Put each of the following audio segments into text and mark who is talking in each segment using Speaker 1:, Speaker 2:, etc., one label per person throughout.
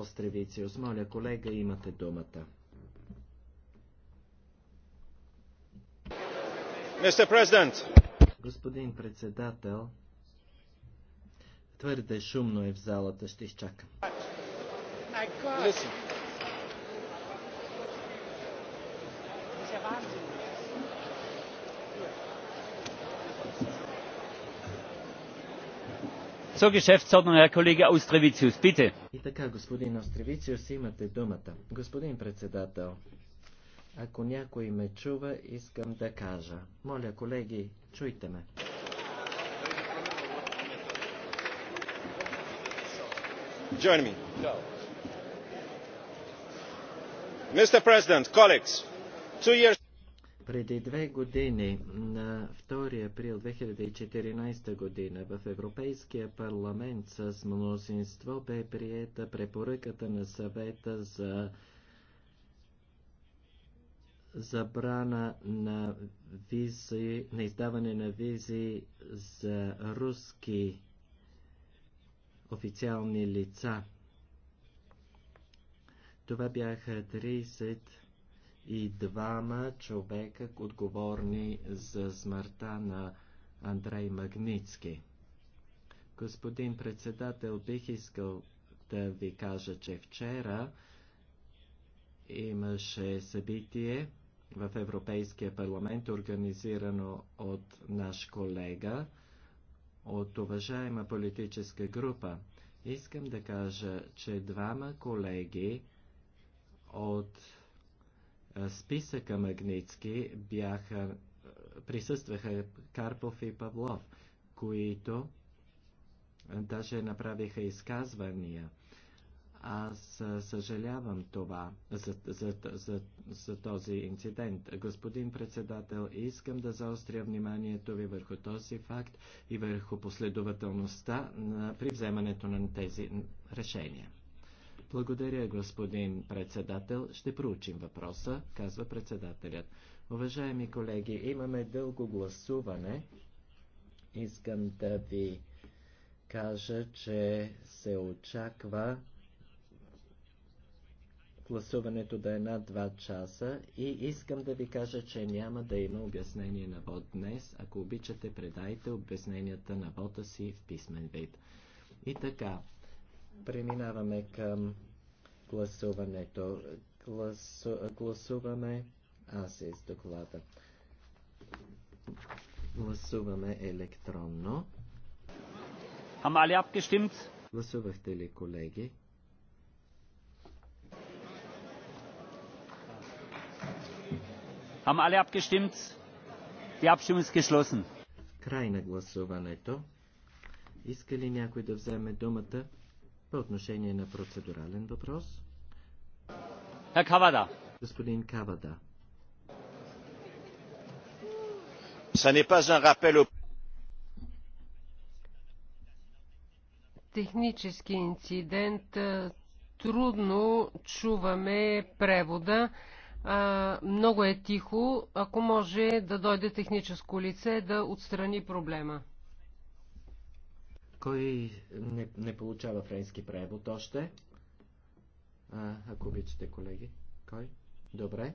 Speaker 1: Остревициус. Моля, колега, имате думата. Господин председател, твърде шумно е в залата, ще изчакам.
Speaker 2: Zur Geschäftsordnung, Herr Kollege Austrevicius, bitte. господин
Speaker 1: Остревициус, имате думата. Господин председател, ако някой ме чува, искам да кажа. Моля, колеги, чуйте ме. Join me. Mr. President, colleagues, two years преди две години, на 2 април 2014 година, в Европейския парламент с мнозинство бе приета препоръката на съвета за забрана на, визи, на издаване на визи за руски официални лица. Това бяха 30 и двама човека, отговорни за смъртта на Андрей Магницки. Господин председател, бих искал да ви кажа, че вчера имаше събитие в Европейския парламент, организирано от наш колега, от уважаема политическа група. Искам да кажа, че двама колеги от е, списъка Магницки бяха, е, присъстваха Карпов и Павлов, които даже направиха изказвания. Аз е, съжалявам това за, за, за, за този инцидент. Господин председател, искам да заостря вниманието ви върху този факт и върху последователността на, при вземането на тези решения. Благодаря, господин председател. Ще проучим въпроса, казва председателят. Уважаеми колеги, имаме дълго гласуване. Искам да ви кажа, че се очаква гласуването да е на 2 часа и искам да ви кажа, че няма да има обяснение на вод днес. Ако обичате, предайте обясненията на вода си в писмен вид. И така, Преминаваме към гласуването. Гласу... Гласуваме аз из доклада. Гласуваме електронно.
Speaker 2: Гласувахте ли, колеги? Haben alle abgestimmt? Die Abstimmung ist geschlossen. Край на гласуването.
Speaker 1: Иска ли някой да вземе думата? по отношение на процедурален въпрос. Кавада. Господин Кавада.
Speaker 3: Технически инцидент. Трудно чуваме превода. А, много е тихо. Ако може да дойде техническо лице да отстрани проблема.
Speaker 1: Кой не, не получава френски превод още? А, ако обичате, колеги. Кой? Добре.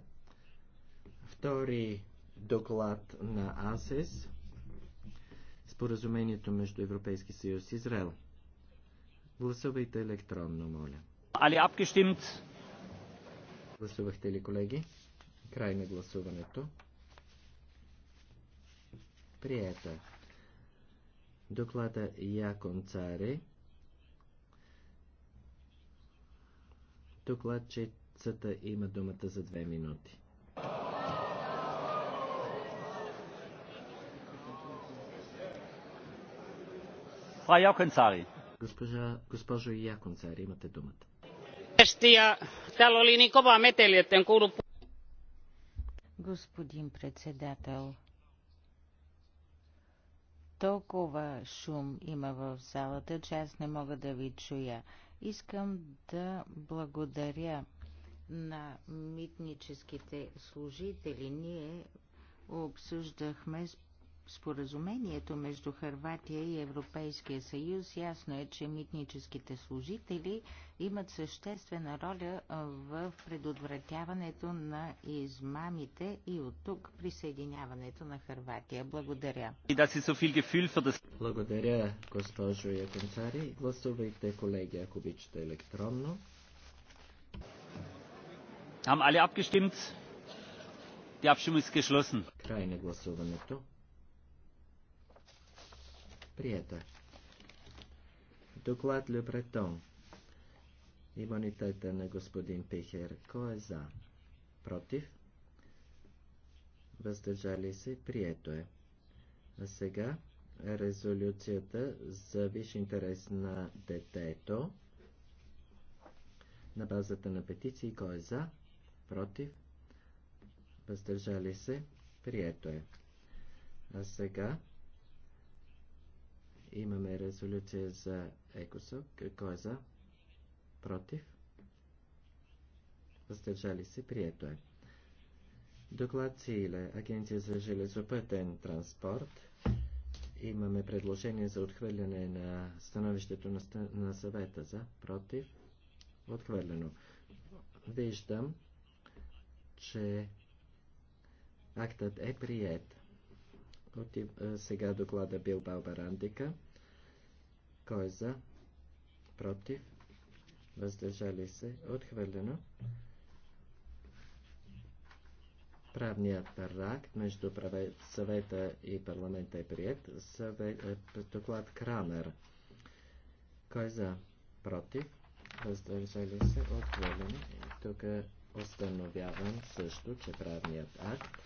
Speaker 1: Втори доклад на АСЕС. Споразумението между Европейски съюз и Израел. Гласувайте електронно, моля. Али
Speaker 2: абгестимт?
Speaker 1: Гласувахте ли, колеги? Край на гласуването. Приятел доклада Якон Цари. Докладчицата има думата за две минути.
Speaker 2: Госпожа, госпожо Яконцари, имате думата.
Speaker 3: Господин председател, толкова шум има в залата, че аз не мога да ви чуя. Искам да благодаря на митническите служители. Ние обсъждахме споразумението между Харватия и Европейския съюз ясно е, че митническите служители имат съществена роля в предотвратяването на измамите и от тук присъединяването на Харватия. Благодаря.
Speaker 1: Благодаря, госпожо Яконцари. Гласувайте, колеги, ако обичате електронно.
Speaker 2: Haben али abgestimmt? Die Abstimmung ist geschlossen. гласуването.
Speaker 1: Приета. Доклад Ле Бретон. Имунитета на господин Пихер. Кой е за? Против? Въздържали се? Прието е. А сега резолюцията за виш интерес на детето на базата на петиции. Кой е за? Против? Въздържали се? Прието е. А сега Имаме резолюция за ЕКОСОК. Кой е за? Против? Въздържали се? Прието е. Доклад СИЛЕ, Агенция за железопътен транспорт. Имаме предложение за отхвърляне на становището на, ста... на съвета за, против, отхвърлено. Виждам, че актът е прият. Сега доклада бил Балбарандика. Кой е за? Против? Въздържали се? Отхвърлено. Правният парак между съвета и парламента е прият. Е, доклад Крамер. Кой е за? Против? Въздържали се? Отхвърлено. Тук установявам също, че правният акт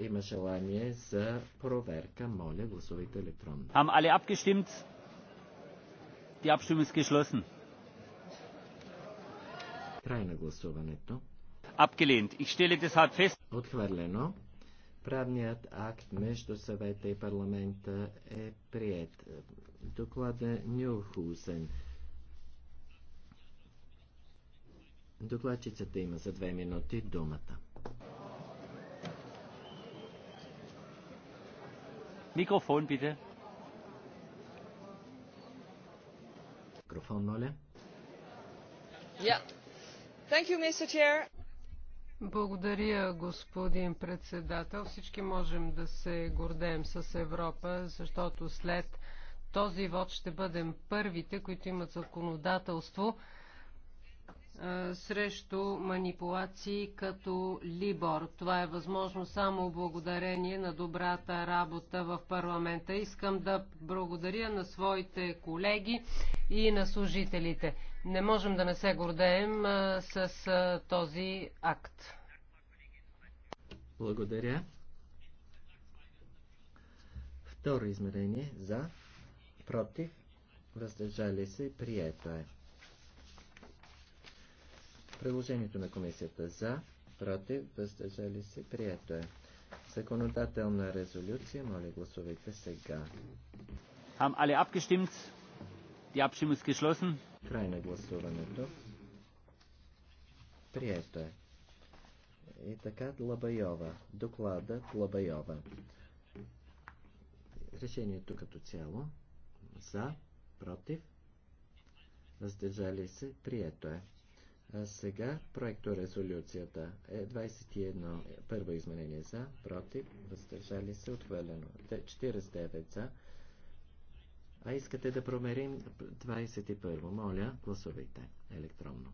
Speaker 1: има желание за проверка. Моля, гласувайте електронно.
Speaker 2: Haben alle abgestimmt? Die Abstimmung ist geschlossen. Край на гласуването. Abgelehnt. Ich stelle deshalb fest. Отхвърлено. Правният акт
Speaker 1: между съвета и парламента е прият. Доклада Нюхусен. Докладчицата има за две минути думата.
Speaker 2: Mikrofon bitte. Mikrofon Nolle. Ja. Thank you, Mr. Chair.
Speaker 3: Благодаря, господин председател. Всички можем да се гордеем с Европа, защото след този вод ще бъдем първите, които имат законодателство, срещу манипулации като Либор. Това е възможно само благодарение на добрата работа в парламента. Искам да благодаря на своите колеги и на служителите. Не можем да не се гордеем с този акт.
Speaker 1: Благодаря. Второ измерение за, против, въздържали се, прието е. Приложението на комисията за, против, въздържали се, прието е. Законодателна резолюция, моля гласувайте сега.
Speaker 2: Хам alle abgestimmt? ди Abstimmung гешлосен. Край на гласуването. Прието
Speaker 1: е. И така Длабайова. Доклада Длабайова. Решението като цяло. За, против, въздържали се, прието е. А сега проекторезолюцията е 21. Първо изменение за, против, въздържали се, отхвърлено. 49 за. А искате да промерим
Speaker 2: 21. Моля, гласувайте електронно.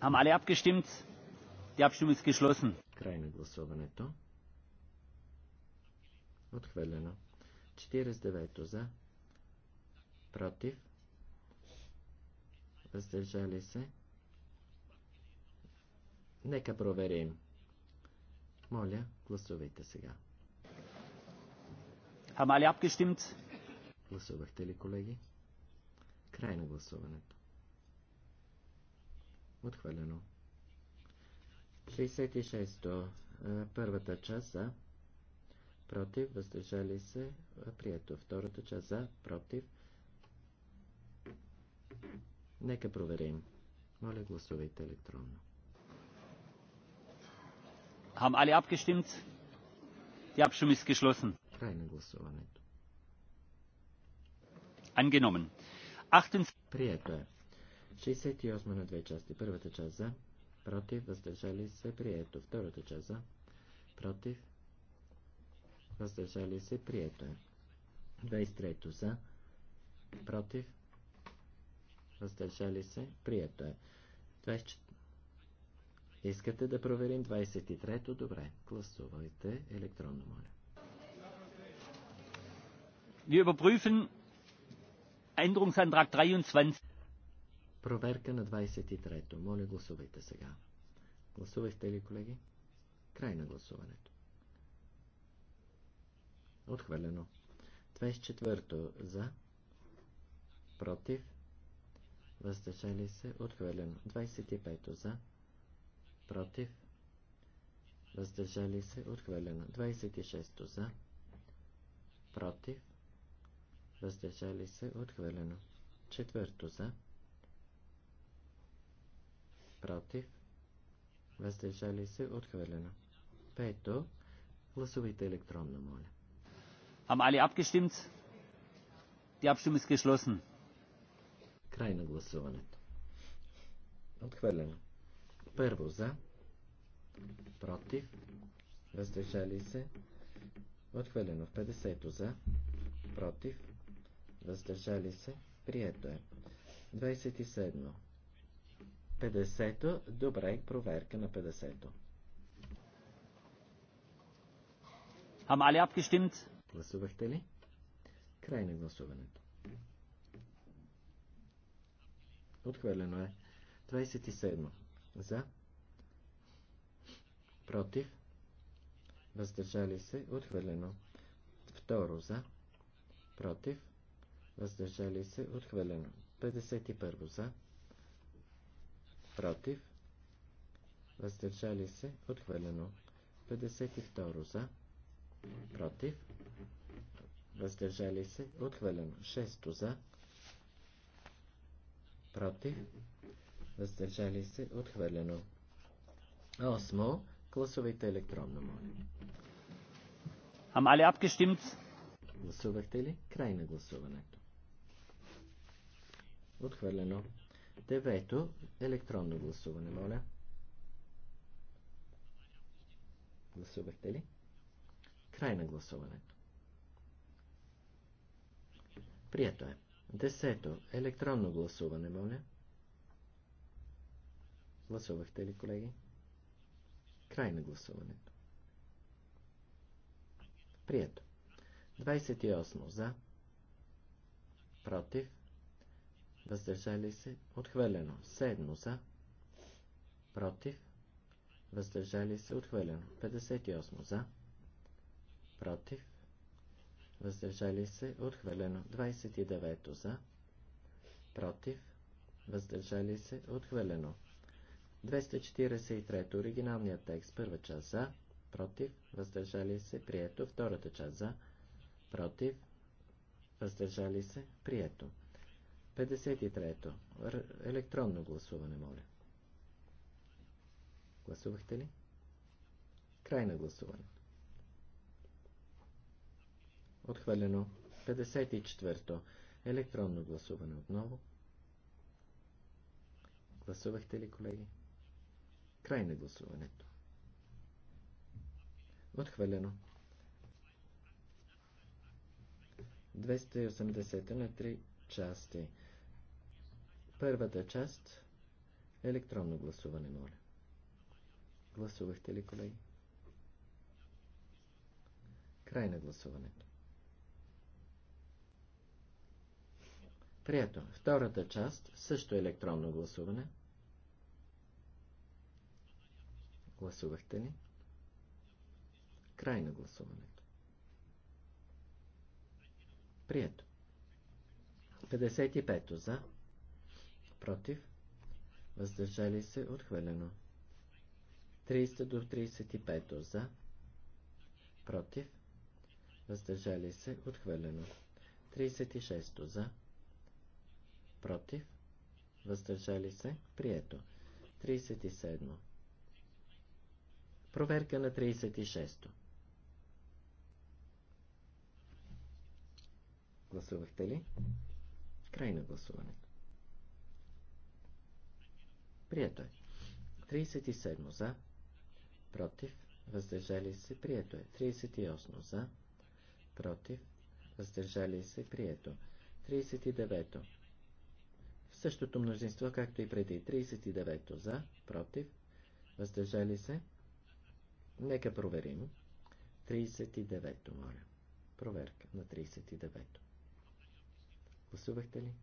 Speaker 2: Haben alle Тя Die Abstimmung ist Край на гласуването.
Speaker 1: Отхвърлено. 49 за. Против. Въздържали се. Нека проверим. Моля, гласувайте сега.
Speaker 2: Haben alle
Speaker 1: Гласувахте ли, колеги? Край на гласуването. Отхвалено. 66-то. Първата част за. Против. Въздържали се. Прието. Втората част за. Против.
Speaker 2: Нека проверим. Моля, гласувайте електронно. Haben alle abgestimmt? Die Abstimmung ist geschlossen. Angenommen.
Speaker 1: Прието е. 68 на две части. Първата част за, против, въздържали се, прието. Втората част за, против, въздържали се, прието е. 23 за, против, въздържали се, прието е. 24
Speaker 2: Искате да проверим 23-то? Добре. Гласувайте електронно, моля. Wir überprüfen Änderungsantrag 23.
Speaker 1: Проверка на 23-то. Моля, гласувайте сега. Гласувахте ли, колеги? Край на гласуването. Отхвърлено. 24-то за. Против. Въздържали се. Отхвърлено. 25-то за против, въздържали се, отхвърлено. 26 за, против, въздържали се, отхвърлено. Четвърто за, против, въздържали се, отхвърлено. Пето, гласувайте електронно, моля.
Speaker 2: Haben alle abgestimmt? Die Abstimmung ist geschlossen. Край на гласуването.
Speaker 1: Отхвърлено. Първо за, против, въздържали се, отхвърлено. 50 за, против, въздържали се, прието е. 27. 50-то, добре, проверка на
Speaker 2: 50-то. Haben alle Гласувахте ли? Край на гласуването.
Speaker 1: Отхвърлено е. 27 за, против, въздържали се, отхвърлено. Второ за, против, въздържали се, отхвърлено. 51 за, против, въздържали се, отхвърлено. 52 за, против, въздържали се, отхвърлено. 6 за, против, въздържали се, отхвърлено. Осмо, гласувайте електронно, моля. Am alle abgestimmt? Гласувахте ли? Край на гласуването. Отхвърлено. Девето, електронно гласуване, моля. Гласувахте ли? Край на гласуването. Прието е. Десето, електронно гласуване, моля. Гласувахте ли, колеги? Край на гласуването. Прието. 28 за. Против. Въздържали се. Отхвърлено. 7 за. Против. Въздържали се. Отхвърлено. 58 за. Против. Въздържали се. Отхвърлено. 29 за. Против. Въздържали се. Отхвърлено. 243. Оригиналният текст. Първа част за, против, въздържали се, прието. Втората част за, против, въздържали се, прието. 53. Електронно гласуване, моля. Гласувахте ли? Край на гласуването. Отхвърлено. 54. Електронно гласуване отново. Гласувахте ли, колеги? Край на гласуването. Отхвърлено. 280 на 3 части. Първата част електронно гласуване, моля. Гласувахте ли, колеги? Край на гласуването. Прието. Втората част също електронно гласуване. 280. Гласувахте ли? Край на гласуването. Прието. 55 за. Против. Въздържали се. Отхвърлено. 30 до 35 за. Против. Въздържали се. Отхвърлено. 36 за. Против. Въздържали се. Прието. 37 Проверка на 36-то. Гласувахте ли? Край на гласуването. Прието е. 37 за. Против. Въздържали се. Прието е. 38 за. Против. Въздържали се. Прието. 39. В същото множество, както и преди. 39 за. Против. Въздържали се. Нека проверим. 39-то, моля. Проверка на 39-то. Гласувахте ли?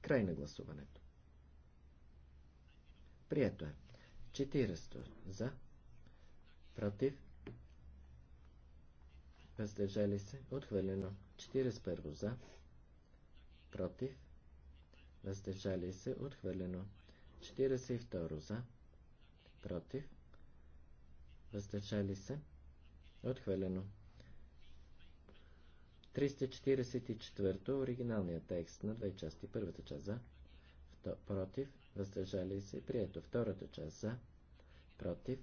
Speaker 1: Край на гласуването. Прието е. 40 за. Против. Въздържали се. Отхвърлено. 41 за. Против. Въздържали се. Отхвърлено. 42 за. Против въздържали се, отхвърлено. 344 оригиналният текст на две части. Първата част за, вто, против, въздържали се, прието. Втората част за, против,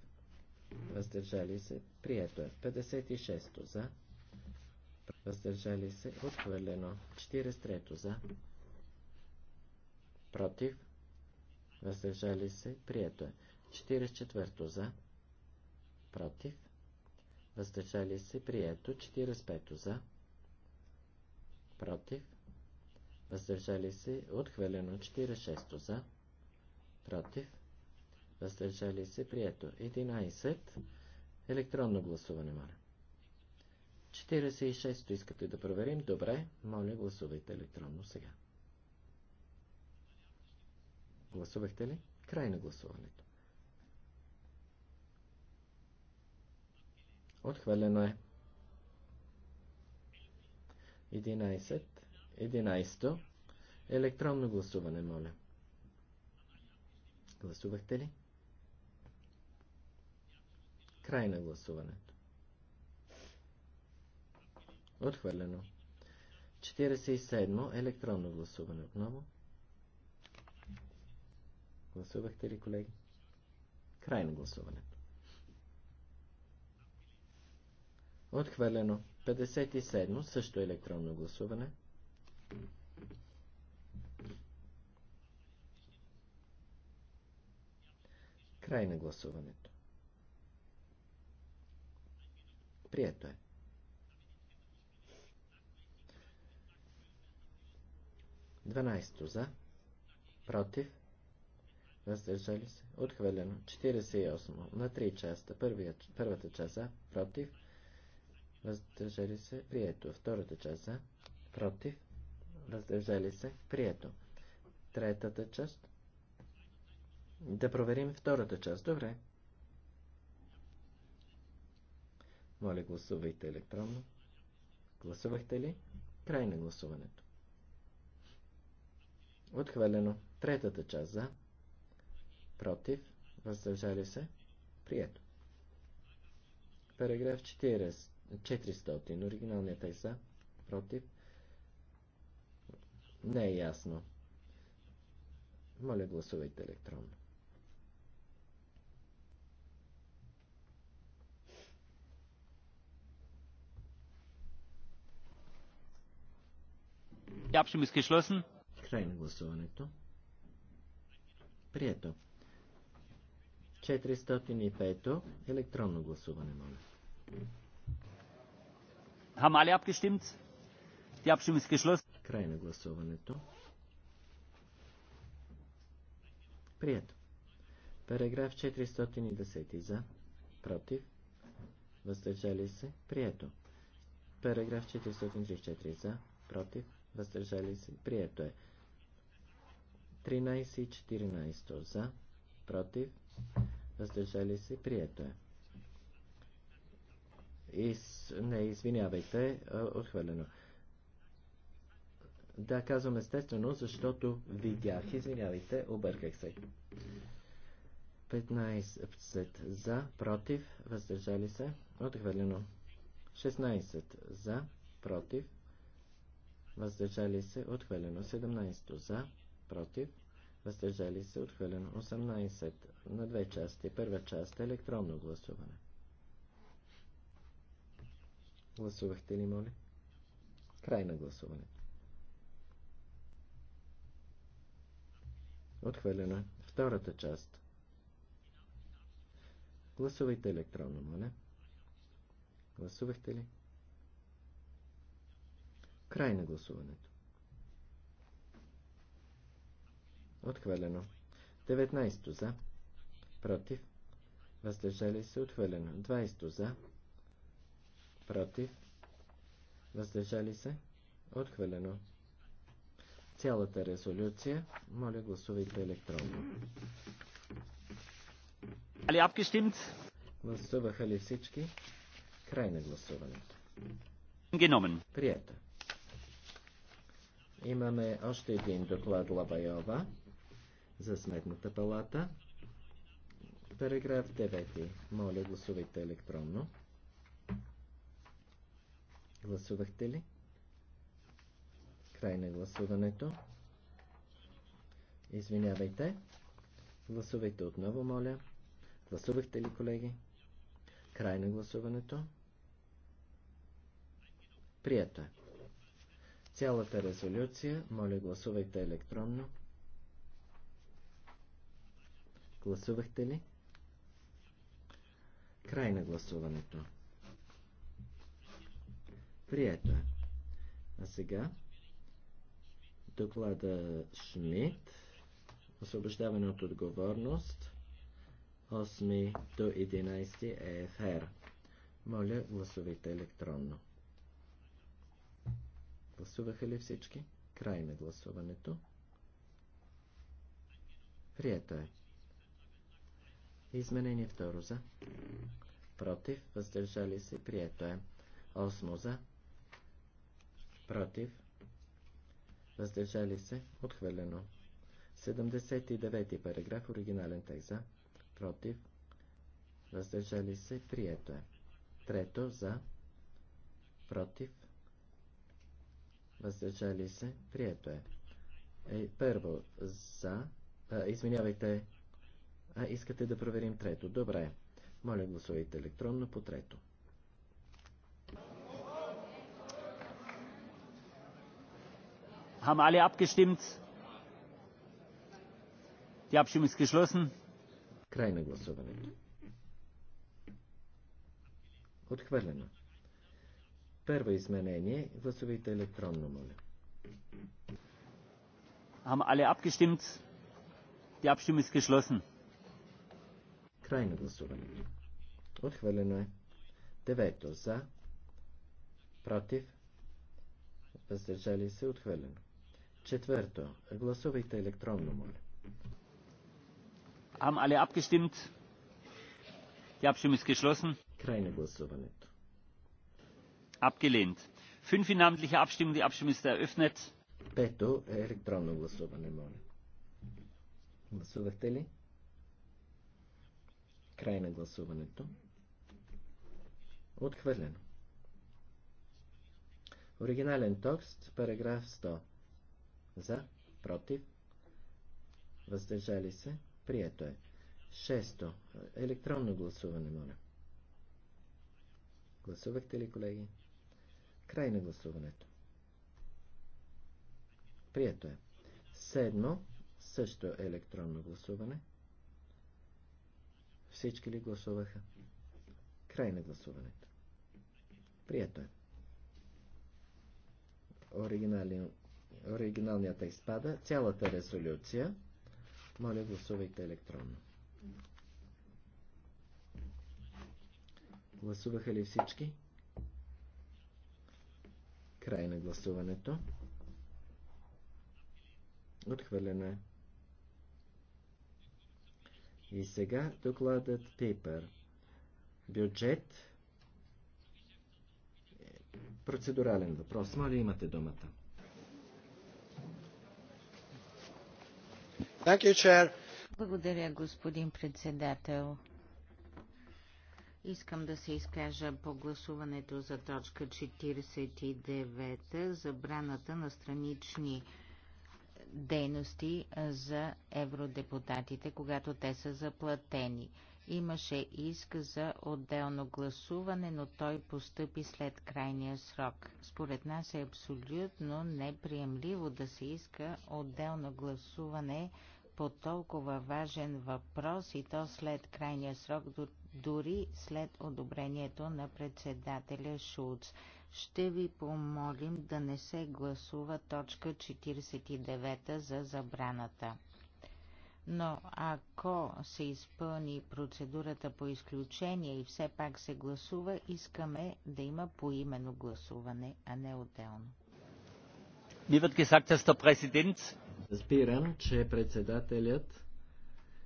Speaker 1: въздържали се, прието е. 56 за, въздържали се, отхвърлено. 43 то за, против, въздържали се, прието е. 44 за, против, въздържали се, прието 45 за, против, въздържали се, отхвърлено 46 за, против, въздържали се, прието 11, електронно гласуване, моля. 46-то искате да проверим, добре, моля гласувайте електронно сега. Гласувахте ли? Край на гласуването. Отхвърлено е. 11. 11. Електронно гласуване, моля. Гласувахте ли? Край на гласуването. Отхвърлено. 47. Електронно гласуване отново. Гласувахте ли, колеги? Край на гласуването. Отхвърлено. 57. Също електронно гласуване. Край на гласуването. Прието е. Дванайсто за. Против. Въздържали се. Отхвърлено. 48. На три часа. Първият, първата част за. Против въздържали се, прието. Втората част за, против, въздържали се, прието. Третата част. Да проверим втората част. Добре. Моля, гласувайте електронно. Гласувахте ли? Край на гласуването. Отхвалено. Третата част за. Против. Въздържали се. Прието. Параграф 400. Оригиналният е за, против. Не е ясно. Моля, гласувайте електронно.
Speaker 2: Die Abstimmung
Speaker 1: Край на гласуването. Прието. 405 електронно гласуване, моля.
Speaker 2: Край на гласуването. Прието. Параграф
Speaker 1: 410 за. Против. Въздържали се. Прието. Параграф 434 за. Против. Въздържали се. Прието е. 13 и 14 за. Против. Въздържали се. Прието е. Из... Не, извинявайте, отхвърлено. Да, казвам естествено, защото видях. Извинявайте, обърках се. 15 за, против, въздържали се, отхвърлено. 16 за, против, въздържали се, отхвърлено. 17 за, против, въздържали се, отхвърлено. 18 на две части. Първа част електронно гласуване. Гласувахте ли, моля? Край на гласуването. Отхвърлено е. Втората част. Гласувайте електронно, моля. Гласувахте ли? Край на гласуването. Отхвърлено. 19 за. Против. Въздържали се отхвърлено. 20 за против, въздържали се, отхвърлено. Цялата резолюция, моля гласувайте електронно. Али абгестимт? Гласуваха ли всички? Край на гласуването.
Speaker 2: Геномен. Прието.
Speaker 1: Имаме още един доклад Лабайова за Сметната палата. Параграф 9. Моля, гласувайте електронно. Гласувахте ли? Край на гласуването. Извинявайте. Гласувайте отново, моля. Гласувахте ли, колеги? Край на гласуването. Прието е. Цялата резолюция, моля, гласувайте електронно. Гласувахте ли? Край на гласуването. Прието е. А сега доклада Шмидт, освобождаване от отговорност, 8 до 11 ЕФР. Моля, гласувайте електронно. Гласуваха ли всички? Край на гласуването. Прието е. Изменение второ за. Против, въздържали се, прието е. Осмо за против, въздържали се, отхвърлено. 79 параграф, оригинален текст за, против, въздържали се, прието е. Трето за, против, въздържали се, прието е. е първо за, а, извинявайте, а искате да проверим трето. Добре, моля гласувайте електронно по трето.
Speaker 2: haben alle abgestimmt? Die Abstimmung ist geschlossen. Край на гласуването. Отхвърлено. Първо изменение. Гласувайте електронно, моля. Haben alle abgestimmt? Die Abstimmung ist geschlossen.
Speaker 1: Крайно на гласуването. Отхвърлено е. Девето за. Против. Въздържали се. Отхвърлено. Четвърто.
Speaker 2: Гласувайте електронно, моля. Am alle abgestimmt? Die Abstimmung ist geschlossen. Край на гласуването. Abgelehnt. Fünf namentliche Abstimmung. Die Abstimmung ist eröffnet.
Speaker 1: Пето е електронно гласуване, моля. Гласувахте ли? Край на гласуването. Отхвърлено. Оригинален текст, параграф 100. За, против, въздържали се, прието е. Шесто, електронно гласуване, моля. Гласувахте ли, колеги? Край на гласуването. Прието е. Седмо, също електронно гласуване. Всички ли гласуваха? Край на гласуването. Прието е. Оригинален Оригиналният текст пада. Цялата резолюция. Моля, гласувайте електронно. Гласуваха ли всички? Край на гласуването. Отхвърлено е. И сега докладът Пейпер. Бюджет. Процедурален въпрос. Моля, имате думата.
Speaker 3: Благодаря, господин председател. Искам да се изкажа по гласуването за точка 49 забраната на странични дейности за евродепутатите, когато те са заплатени. Имаше иск за отделно гласуване, но той поступи след крайния срок. Според нас е абсолютно неприемливо да се иска отделно гласуване по толкова важен въпрос и то след крайния срок, дори след одобрението на председателя Шулц. Ще ви помолим да не се гласува точка 49 за забраната. Но ако се изпълни процедурата по изключение и все пак се гласува, искаме да има поименно гласуване, а не отделно.
Speaker 2: Wie wird gesagt, dass der Präsident
Speaker 1: Разбирам, че председателят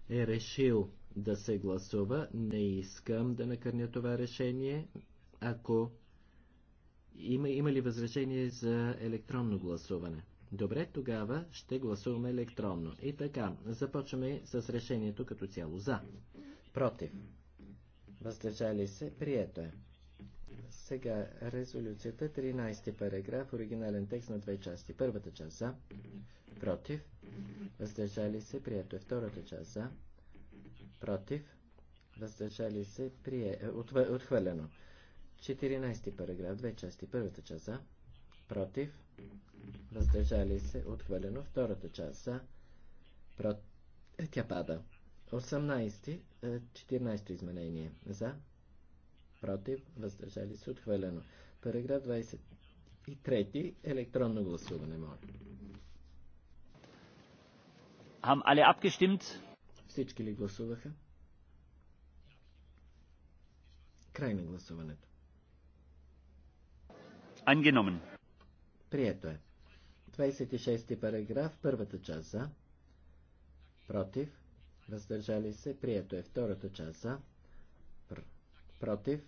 Speaker 1: е решил да се гласува. Не искам да накърня това решение. Ако има, има ли възражение за електронно гласуване? Добре, тогава ще гласуваме електронно. И така, започваме с решението като цяло за. Против. Въздържали се, прието е. Сега резолюцията, 13 параграф, оригинален текст на две части. Първата част за, против, въздържали се, прието е. Втората част за, против, въздържали се, прие, е, от, отхвърлено. 14 параграф, две части. Първата част за, против, въздържали се, отхвърлено. Втората част за, против, е, тя пада. 18, 14 е, изменение за, против, въздържали се, отхвърлено. Параграф 23, електронно гласуване, моля.
Speaker 2: Haben alle Всички ли гласуваха? Край на гласуването. Ангеномен. Прието е.
Speaker 1: 26 ти параграф, първата част за. Против. Въздържали се. Прието е втората част за. Пр против,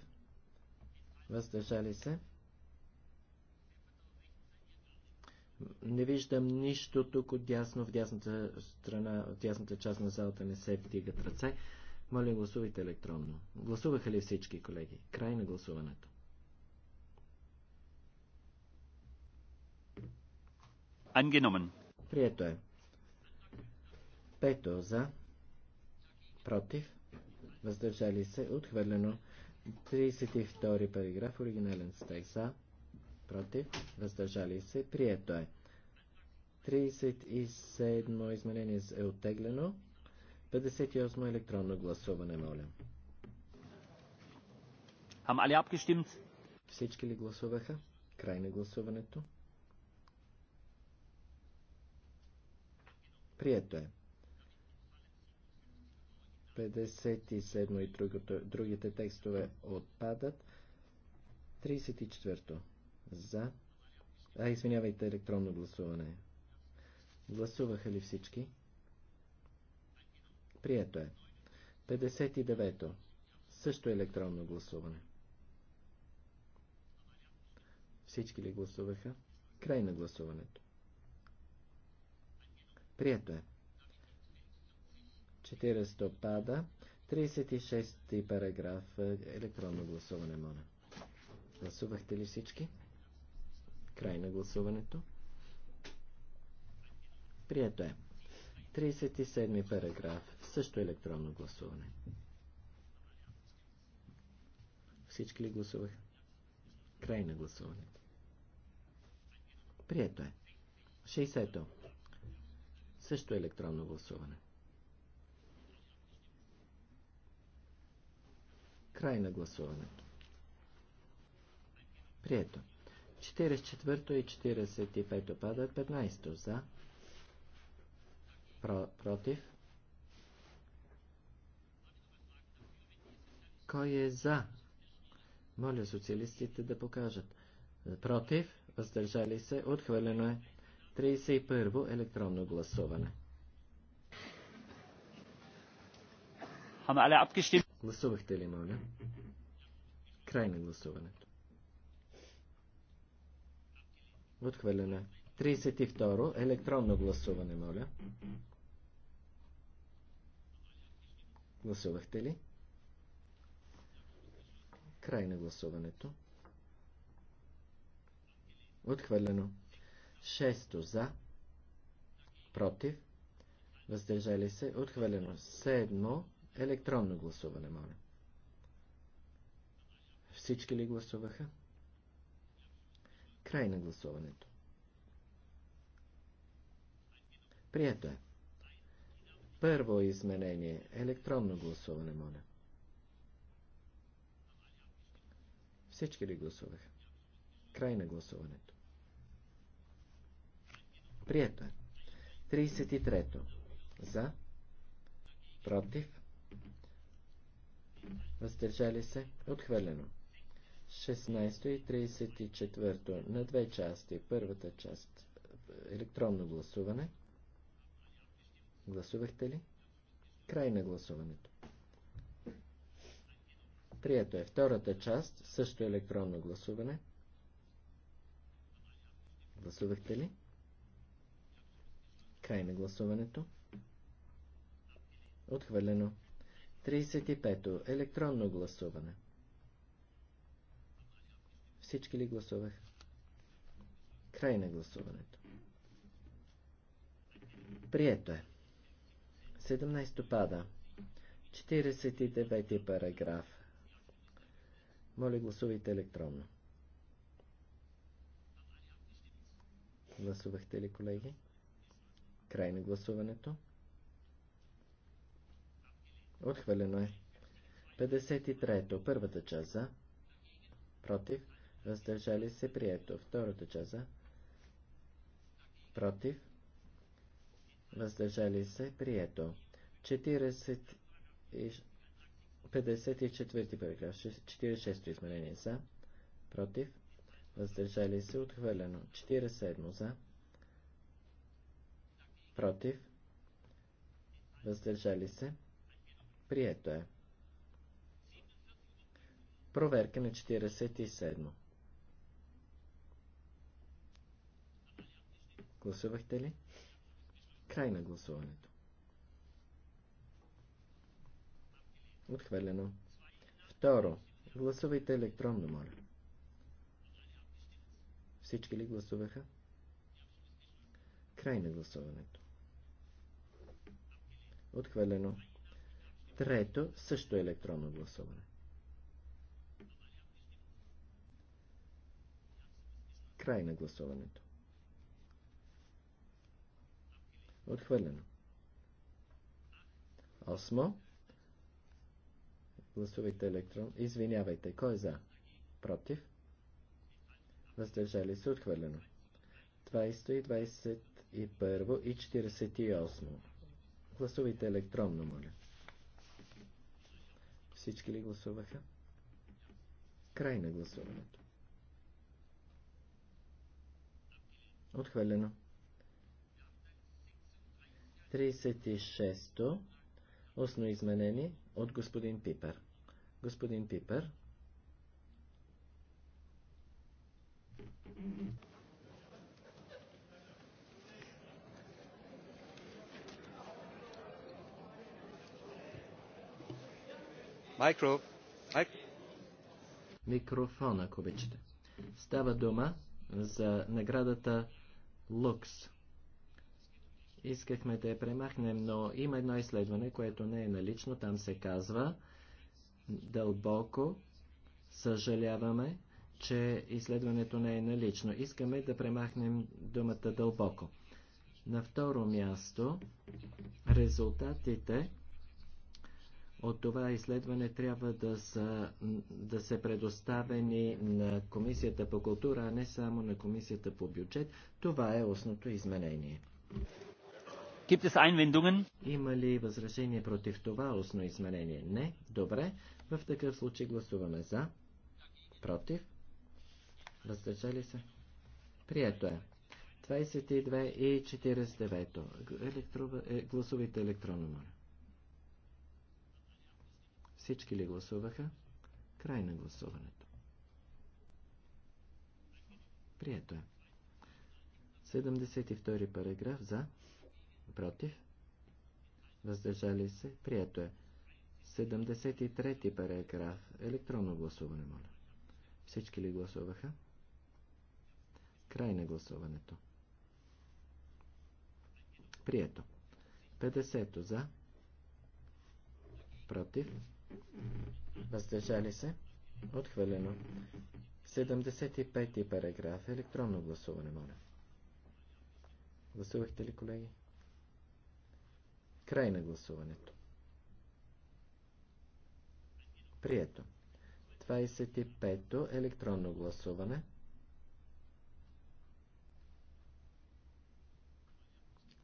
Speaker 1: въздържали се. Не виждам нищо тук от дясно, в дясната страна, в дясната част на залата не се вдигат ръце. Моля, гласувайте електронно. Гласуваха ли всички колеги? Край на гласуването. Ангеномен. Прието е. Пето за. Против. Въздържали се. Отхвърлено. 32 параграф, оригинален текст за, против, въздържали се, прието е. 37 изменение е оттеглено. 58 електронно гласуване, моля.
Speaker 2: Хам али abgestimmt?
Speaker 1: Всички ли гласуваха? Край на гласуването. Прието е. 57 и другите текстове отпадат. 34 за. А, извинявайте, електронно гласуване. Гласуваха ли всички? Прието е. 59-то. Също електронно гласуване. Всички ли гласуваха? Край на гласуването. Прието е. 40 пада. 36 параграф. Електронно гласуване, моля. Гласувахте ли всички? Край на гласуването. Прието е. 37 параграф. Също електронно гласуване. Всички ли гласуваха? Край на гласуването. Прието е. 60-то. Също електронно гласуване. Край на гласуването. Прието. 44 и 45 падат. 15 за. Про, против. Кой е за? Моля социалистите да покажат. Против. Въздържали се. Отхвърлено е. 31 електронно гласуване. Гласувахте ли, моля? Край на гласуването. Отхвърлено. 32. Е. Електронно гласуване, моля. Гласувахте ли? Край на гласуването. Отхвърлено. 6 за. Против. Въздържали се. Отхвърлено. 7 Електронно гласуване, моля. Всички ли гласуваха? Край на гласуването. Прието е. Първо изменение. Електронно гласуване, моля. Всички ли гласуваха? Край на гласуването. Прието е. 33. -то. За. Против въздържали се, отхвърлено. 16 и 34 на две части. Първата част електронно гласуване. Гласувахте ли? Край на гласуването. Прието е втората част, също електронно гласуване. Гласувахте ли? Край на гласуването. Отхвърлено. 35. Електронно гласуване. Всички ли гласувах? Край на гласуването. Прието е. 17 пада. 49 параграф. Моля гласувайте електронно. Гласувахте ли, колеги? Край на гласуването. Отхвърлено е. 53-то. Първата част за. Против. Въздържали се. Прието. Втората част за. Против. Въздържали се. Прието. 40 ти 54 параграф. 46 изменение за. Против. Въздържали се. Отхвърлено. 47 за. Против. Въздържали се. Прието е. Проверка на 47. Гласувахте ли? Край на гласуването. Отхвърлено. Второ. Гласувайте електронно, моля. Всички ли гласуваха? Край на гласуването. Отхвърлено. Трето, също е електронно гласуване. Край на гласуването. Отхвърлено. Осмо. Гласувайте електрон. Извинявайте. Кой е за? Против? Въздържали се отхвърлено. 20 и 21 и 48. Гласувайте електронно, моля. Всички ли гласуваха? Край на гласуването. Отхвърлено. 36-то устно изменение от господин Пипер. Господин Пипер. Майкро. Микрофон, ако обичате. Става дума за наградата Лукс. Искахме да я премахнем, но има едно изследване, което не е налично. Там се казва дълбоко съжаляваме, че изследването не е налично. Искаме да премахнем думата дълбоко. На второ място, резултатите от това изследване трябва да са, да са предоставени на Комисията по култура, а не само на Комисията по бюджет. Това е основното изменение. Gibt es Einwendungen? Има ли възражение против това основно изменение? Не. Добре. В такъв случай гласуваме за. Против. Въздържали се. Прието е. 22 и 49. Електро... Е, гласувайте електронно, моля. Всички ли гласуваха? Край на гласуването. Прието е. 72 параграф за, против, въздържали се, прието е. 73 параграф, електронно гласуване, моля. Всички ли гласуваха? Край на гласуването. Прието. 50 за, против, въздържали се, отхвърлено. 75 ти параграф, електронно гласуване, моля. Гласувахте ли, колеги? Край на гласуването. Прието. 25-то електронно гласуване.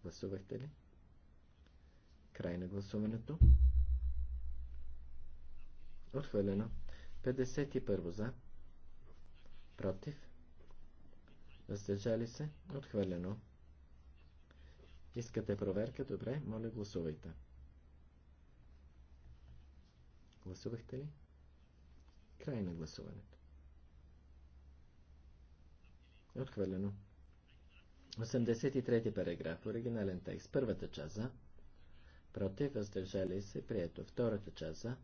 Speaker 1: Гласувахте ли? Край на гласуването. Отхвърлено. 51 за. Против. Въздържали се. Отхвърлено. Искате проверка? Добре. Моля, гласувайте. Гласувахте ли? Край на гласуването. Отхвърлено. 83 параграф. Оригинален текст. Първата част за. Против. Въздържали се. Прието. Втората част за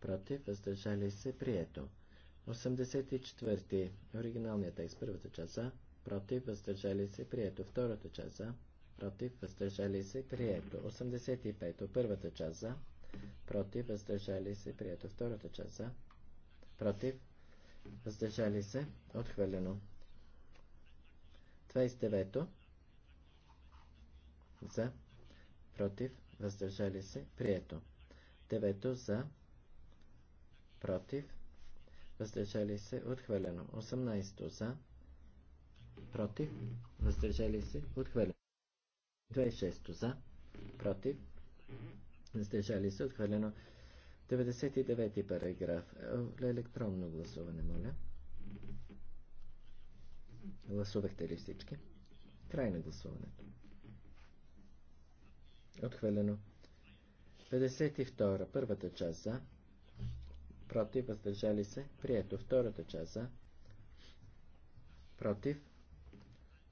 Speaker 1: против, въздържали се, прието. 84. Оригиналният текст, първата част за, против, въздържали се, прието. Втората част за, против, въздържали се, прието. 85. Първата част за, против, въздържали се, прието. Втората част за, против, въздържали се, отхвърлено. 29. За, против, въздържали се, прието. 9. За, против, въздържали се, отхвърлено. 18 за, против, въздържали се, отхвърлено. 26 за, против, въздържали се, отхвърлено. 99 параграф. Е, електронно гласуване, моля. Гласувахте ли всички? Край на гласуването. Отхвърлено. 52. Първата част за против, въздържали се, прието. Втората част за, против,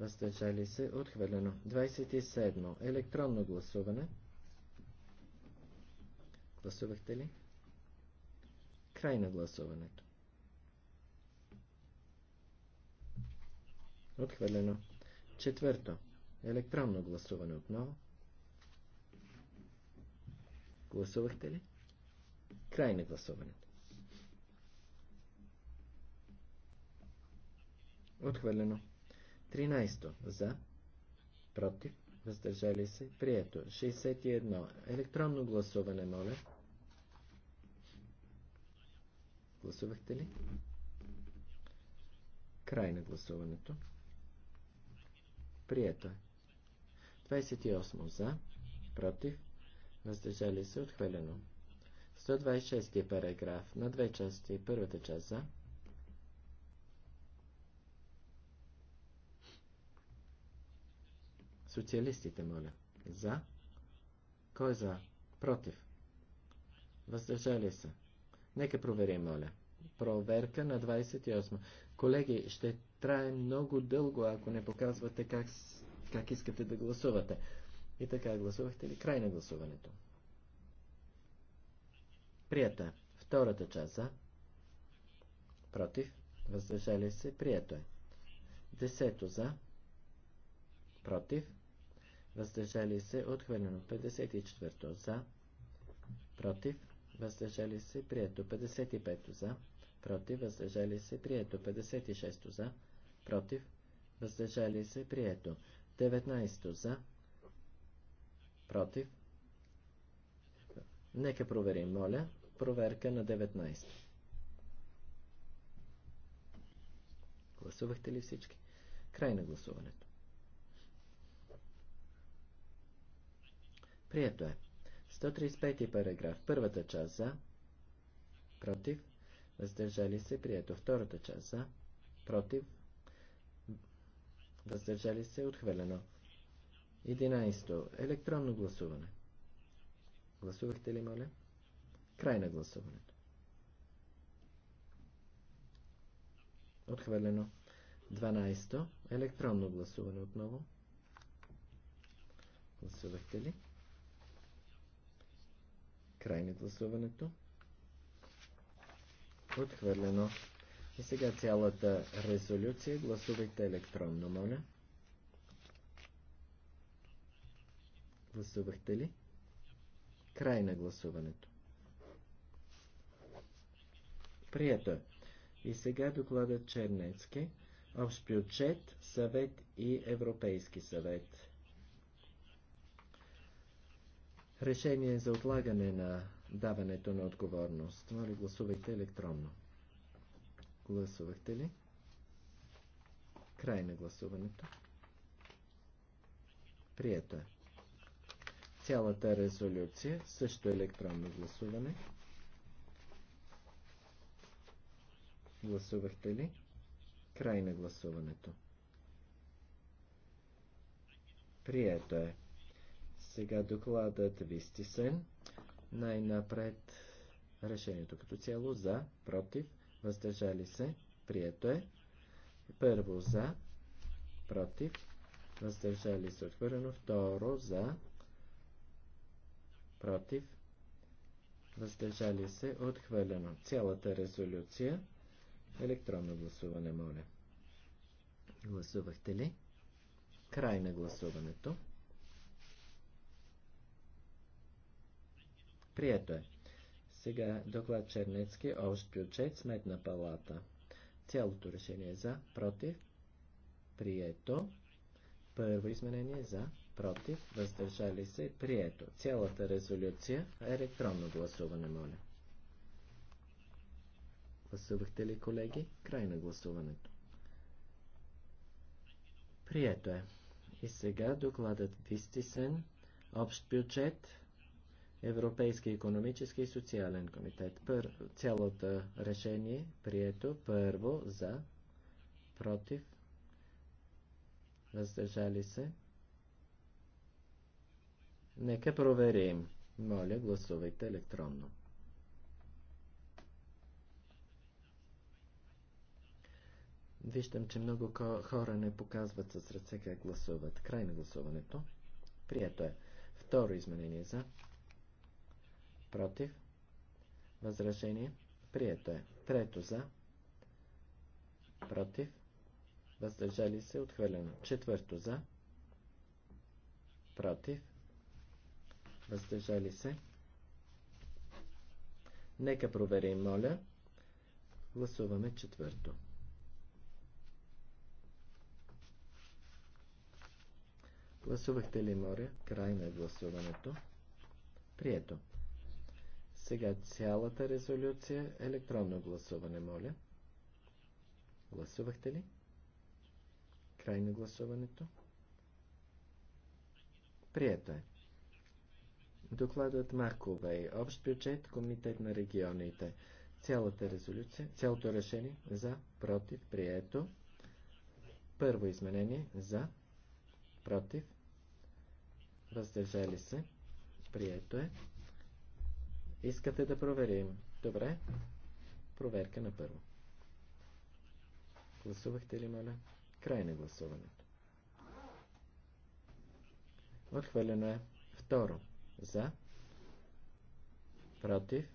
Speaker 1: въздържали се, отхвърлено. 27. Електронно гласуване. Гласувахте ли? Край на гласуването. Отхвърлено. Четвърто. Електронно гласуване отново. Гласувахте ли? Край на гласуването. Отхвърлено. 13. За. Против. Въздържали се. Прието. 61. Електронно гласуване, моля. Гласувахте ли? Край на гласуването. Прието е. 28. За. Против. Въздържали се. Отхвърлено. 126 е параграф на две части. Първата част за. Социалистите, моля. За. Кой за? Против. Въздържали се. Нека проверим, моля. Проверка на 28. Колеги, ще трае много дълго, ако не показвате как, как искате да гласувате. И така, гласувахте ли край на гласуването? Прията. Е. Втората част за. Против. Въздържали се. Прието е. Десето за. Против въздържали се, отхвърлено 54 за, против, въздържали се, прието 55 за, против, въздържали се, прието 56 за, против, въздържали се, прието 19 за, против. Нека проверим, моля, проверка на 19. Гласувахте ли всички? Край на гласуването. Прието е. 135 параграф. Първата част за. Против. Въздържали се. Прието. Втората част за. Против. Въздържали се. отхвърлено. 11. Електронно гласуване. Гласувахте ли, моля? Край на гласуването. Отхвърлено. 12. Електронно гласуване отново. Гласувахте ли? Край на гласуването. Отхвърлено. И сега цялата резолюция. Гласувайте електронно, моля. Гласувахте ли? Край на гласуването. Прието е. И сега докладът Чернецки. Общ бюджет, съвет и Европейски съвет. Решение за отлагане на даването на отговорност. Моля, гласувайте електронно. Гласувахте ли? Край на гласуването. Прието е. Цялата резолюция, също електронно гласуване. Гласувахте ли? Край на гласуването. Прието е. Сега докладът Вистисен. Най-напред решението като цяло за, против, въздържали се, прието е. Първо за, против, въздържали се отхвърлено. Второ за, против, въздържали се отхвърлено. Цялата резолюция електронно гласуване, моля. Гласувахте ли? Край на гласуването. Прието е. Сега доклад Чернецки, общ бюджет, сметна палата. Цялото решение е за, против, прието. Първо изменение за, против, въздържали се, прието. Цялата резолюция е електронно гласуване, моля. Гласувахте ли, колеги? Край на гласуването. Прието е. И сега докладът Вистисен, общ бюджет, Европейски економически и социален комитет. Пър... Цялото решение прието първо за, против, въздържали се. Нека проверим. Моля, гласувайте електронно. Виждам, че много хора не показват с ръце как гласуват. Край на гласуването. Прието е. Второ изменение за против, възражение, прието е. Трето за, против, въздържали се, отхвърлено. Четвърто за, против, въздържали се. Нека проверим, моля. Гласуваме четвърто. Гласувахте ли, море? Край на гласуването. Прието. Сега цялата резолюция, електронно гласуване, моля. Гласувахте ли? Край на гласуването. Прието е. Докладът и общ бюджет, комитет на регионите. Цялата резолюция, цялото решение за, против, прието. Първо изменение за, против, въздържали се, прието е. Искате да проверим? Добре. Проверка на първо. Гласувахте ли, моля? Край на гласуването. Отхвърлено е второ. За. Против.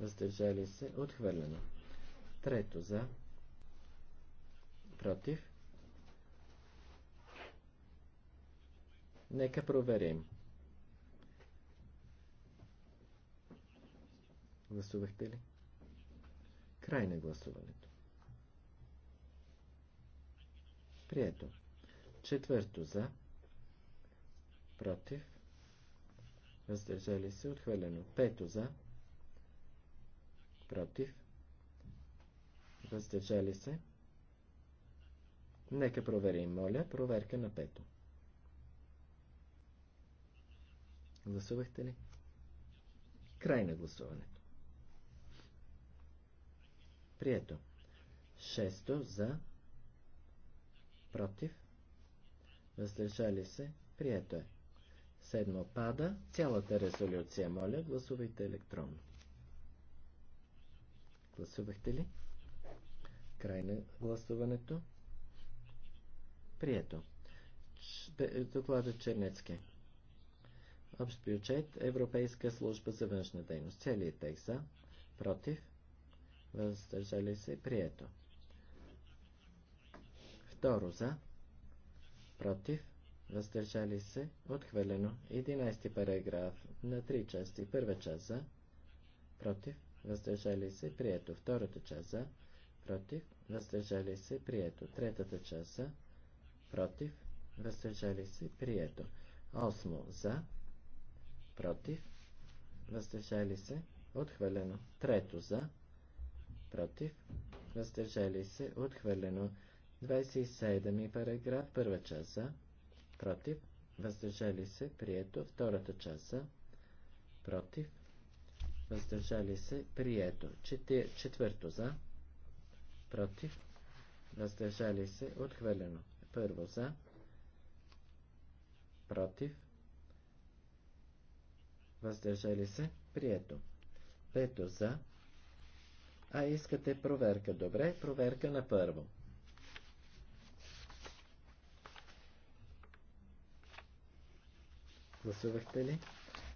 Speaker 1: Въздържали се. Отхвърлено. Трето. За. Против. Нека проверим. Гласувахте ли? Край на гласуването. Прието. Четвърто за. Против. Въздържали се. Отхвърлено. Пето за. Против. Въздържали се. Нека проверим, моля, проверка на пето. Гласувахте ли? Край на гласуването. Прието. Шесто за. Против. Въздържали се. Прието е. Седмо пада. Цялата резолюция, моля, гласувайте електронно. Гласувахте ли? Край на гласуването. Прието. Доклада Чернецки. Общ бюджет, Европейска служба за външна дейност. Целият текст за, против, въздържали се, прието. Второ за, против, въздържали се, отхвърлено. 11 параграф на 3 части. Първа част за, против, въздържали се, прието. Втората част за, против, въздържали се, прието. Третата част за, против, въздържали се, прието. Осмо за, против, въздържали се, отхвърлено. Трето за, против, въздържали се, отхвърлено. 27 ми параграф, първа част за, против, въздържали се, прието, втората част за, против, въздържали се, прието, четвърто за, против, въздържали се, отхвърлено, първо за, против, въздържали се, прието, пето за, а искате проверка. Добре, проверка на първо. Гласувахте ли?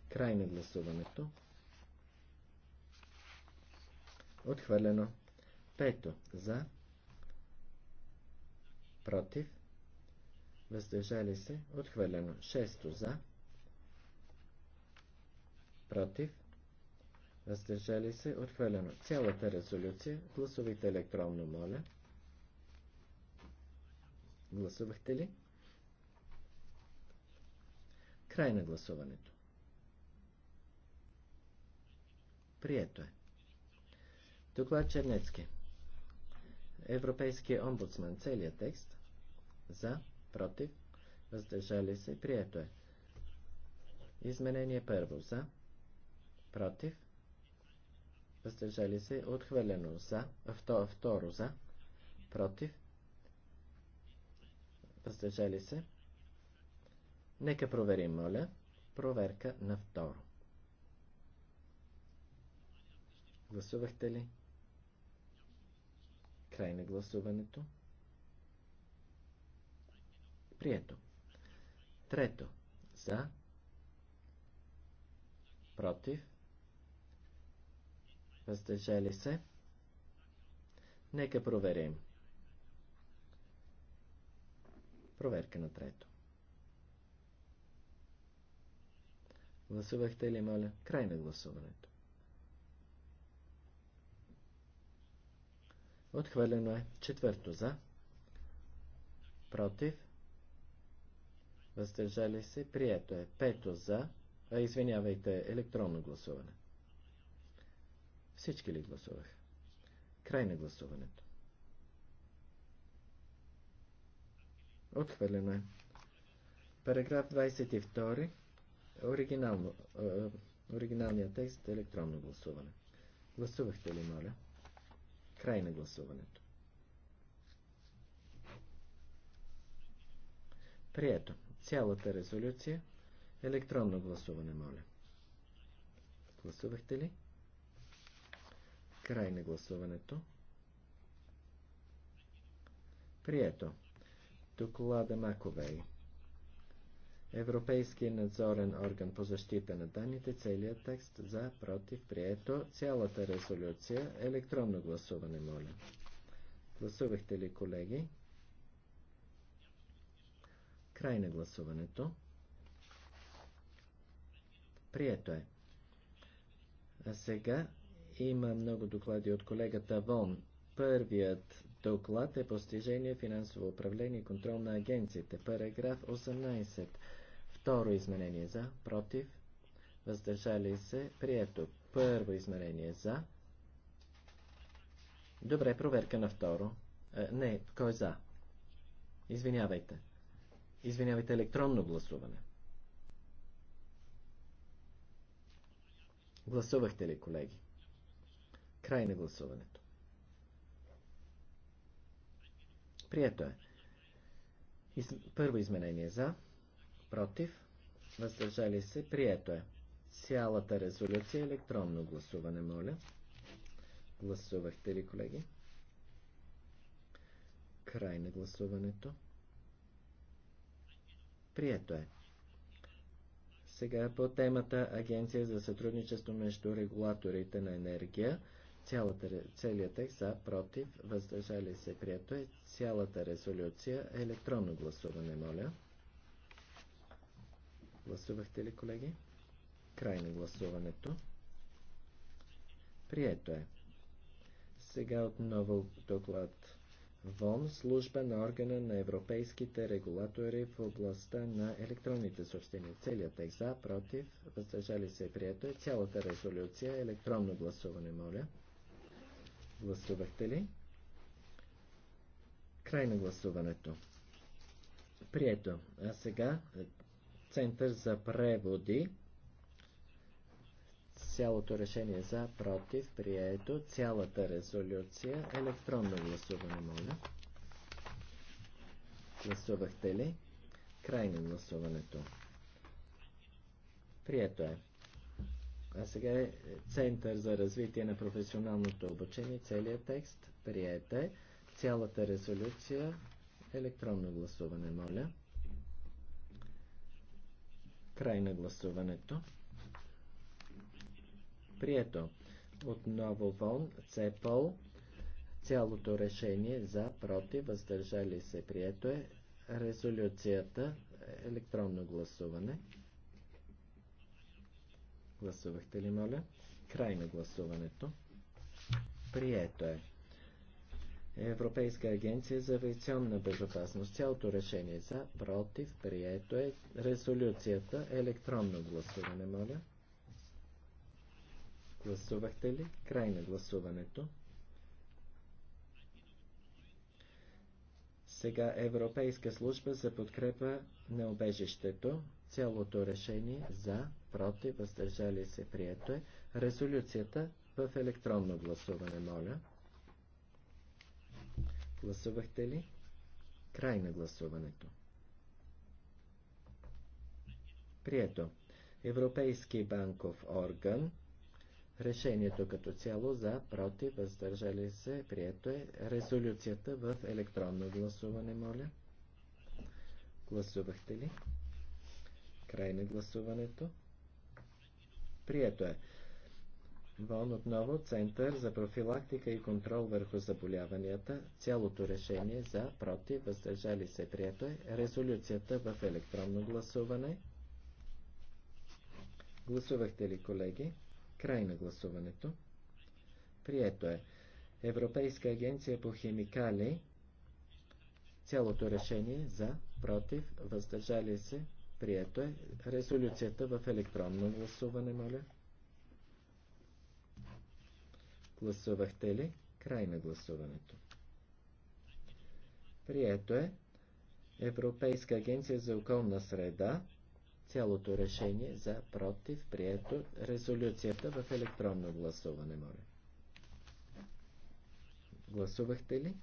Speaker 1: Край на гласуването. Отхвърлено. Пето. За. Против. Въздържали се. Отхвърлено. Шесто. За. Против въздържали се, отхвърлено. Цялата резолюция, гласувайте електронно, моля. Гласувахте ли? Край на гласуването. Прието е. Доклад Чернецки. Европейския омбудсман. Целият текст. За, против, въздържали се. Прието е. Изменение първо. За, против, въздържали се, отхвърлено за, второ, второ за, против, въздържали се. Нека проверим, моля, проверка на второ. Гласувахте ли? Край на гласуването. Прието. Трето. За. Против въздържали се. Нека проверим. Проверка на трето. Гласувахте ли, моля? Край на гласуването. Отхвърлено е четвърто за, против, въздържали се, прието е пето за, а извинявайте, електронно гласуване. Всички ли гласуваха? Край на гласуването. Отхвърлено е. Параграф 22. Оригинално, э, оригиналният текст е електронно гласуване. Гласувахте ли, моля? Край на гласуването. Прието. Цялата резолюция. Електронно гласуване, моля. Гласувахте ли? Край на гласуването. Прието. Доклада Маковей. Европейски надзорен орган по защита на данните, целият текст за, против, прието, цялата резолюция, електронно гласуване, моля. Гласувахте ли, колеги? Край на гласуването. Прието е. А сега има много доклади от колегата Вон. Първият доклад е постижение финансово управление и контрол на агенциите. Параграф 18. Второ изменение за, против, въздържали се, прието. Първо изменение за. Добре, проверка на второ. Е, не, кой е за? Извинявайте. Извинявайте, електронно гласуване. Гласувахте ли, колеги? Край на гласуването. Прието е. Из... Първо изменение за, против, въздържали се, прието е. Цялата резолюция е електронно гласуване, моля. Гласувахте ли, колеги? Край на гласуването. Прието е. Сега по темата Агенция за сътрудничество между регулаторите на енергия. Цялата, целият текст за, против, въздържали се, прието е. Цялата резолюция е електронно гласуване, моля. Гласувахте ли, колеги? Край на гласуването. Прието е. Сега отново доклад. ВОН – служба на органа на европейските регулатори в областта на електронните съобщения. Целият текст за, против, въздържали се, прието е. Цялата резолюция, е електронно гласуване, моля. Гласувахте ли? Край на гласуването. Прието. А сега е, Център за преводи. Цялото решение за, против, прието. Цялата резолюция. Електронно гласуване, моля. Гласувахте ли? Край на гласуването. Прието е. А сега е Център за развитие на професионалното обучение. Целият текст приете. Цялата резолюция. Електронно гласуване, моля. Край на гласуването. Прието. Отново ВОН, ЦЕПОЛ. Цялото решение за, против, въздържали се. Прието е резолюцията. Електронно гласуване. Гласувахте ли, моля? Край на гласуването. Прието е. Европейска агенция за авиационна безопасност. Цялото решение за, против, прието е. Резолюцията, е електронно гласуване, моля. Гласувахте ли? Край на гласуването. Сега Европейска служба за подкрепа на обежището. Цялото решение за, против, въздържали се, прието е. Резолюцията в електронно гласуване, моля. Гласувахте ли? Край на гласуването. Прието. Европейски банков орган. Решението като цяло за, против, въздържали се, прието е. Резолюцията в електронно гласуване, моля. Гласувахте ли? Край на гласуването. Прието е. ВОН отново Център за профилактика и контрол върху заболяванията. Цялото решение за, против, въздържали се. Прието е. Резолюцията в електронно гласуване. Гласувахте ли, колеги? Край на гласуването. Прието е. Европейска агенция по химикали. Цялото решение за, против, въздържали се. Прието е. Резолюцията в електронно гласуване, моля. Гласувахте ли? Край на гласуването. Прието е. Европейска агенция за околна среда. Цялото решение за против. Прието. Резолюцията в електронно гласуване, моля. Гласувахте ли?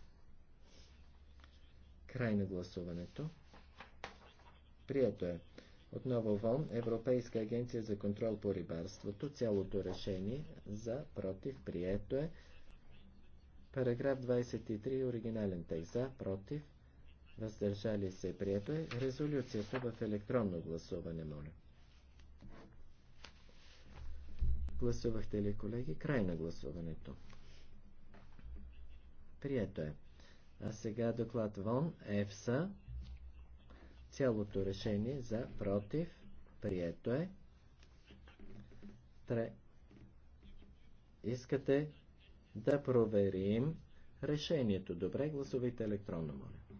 Speaker 1: Край на гласуването. Прието е. Отново ВОН, Европейска агенция за контрол по рибарството, цялото решение за, против, прието е. Параграф 23, оригинален текст за, против, въздържали се, прието е. Резолюцията в електронно гласуване, моля. Гласувахте ли, колеги? Край на гласуването. Прието е. А сега доклад ВОН, ЕФСА, цялото решение за против. Прието е. Тре. Искате да проверим решението. Добре, гласувайте електронно, моля.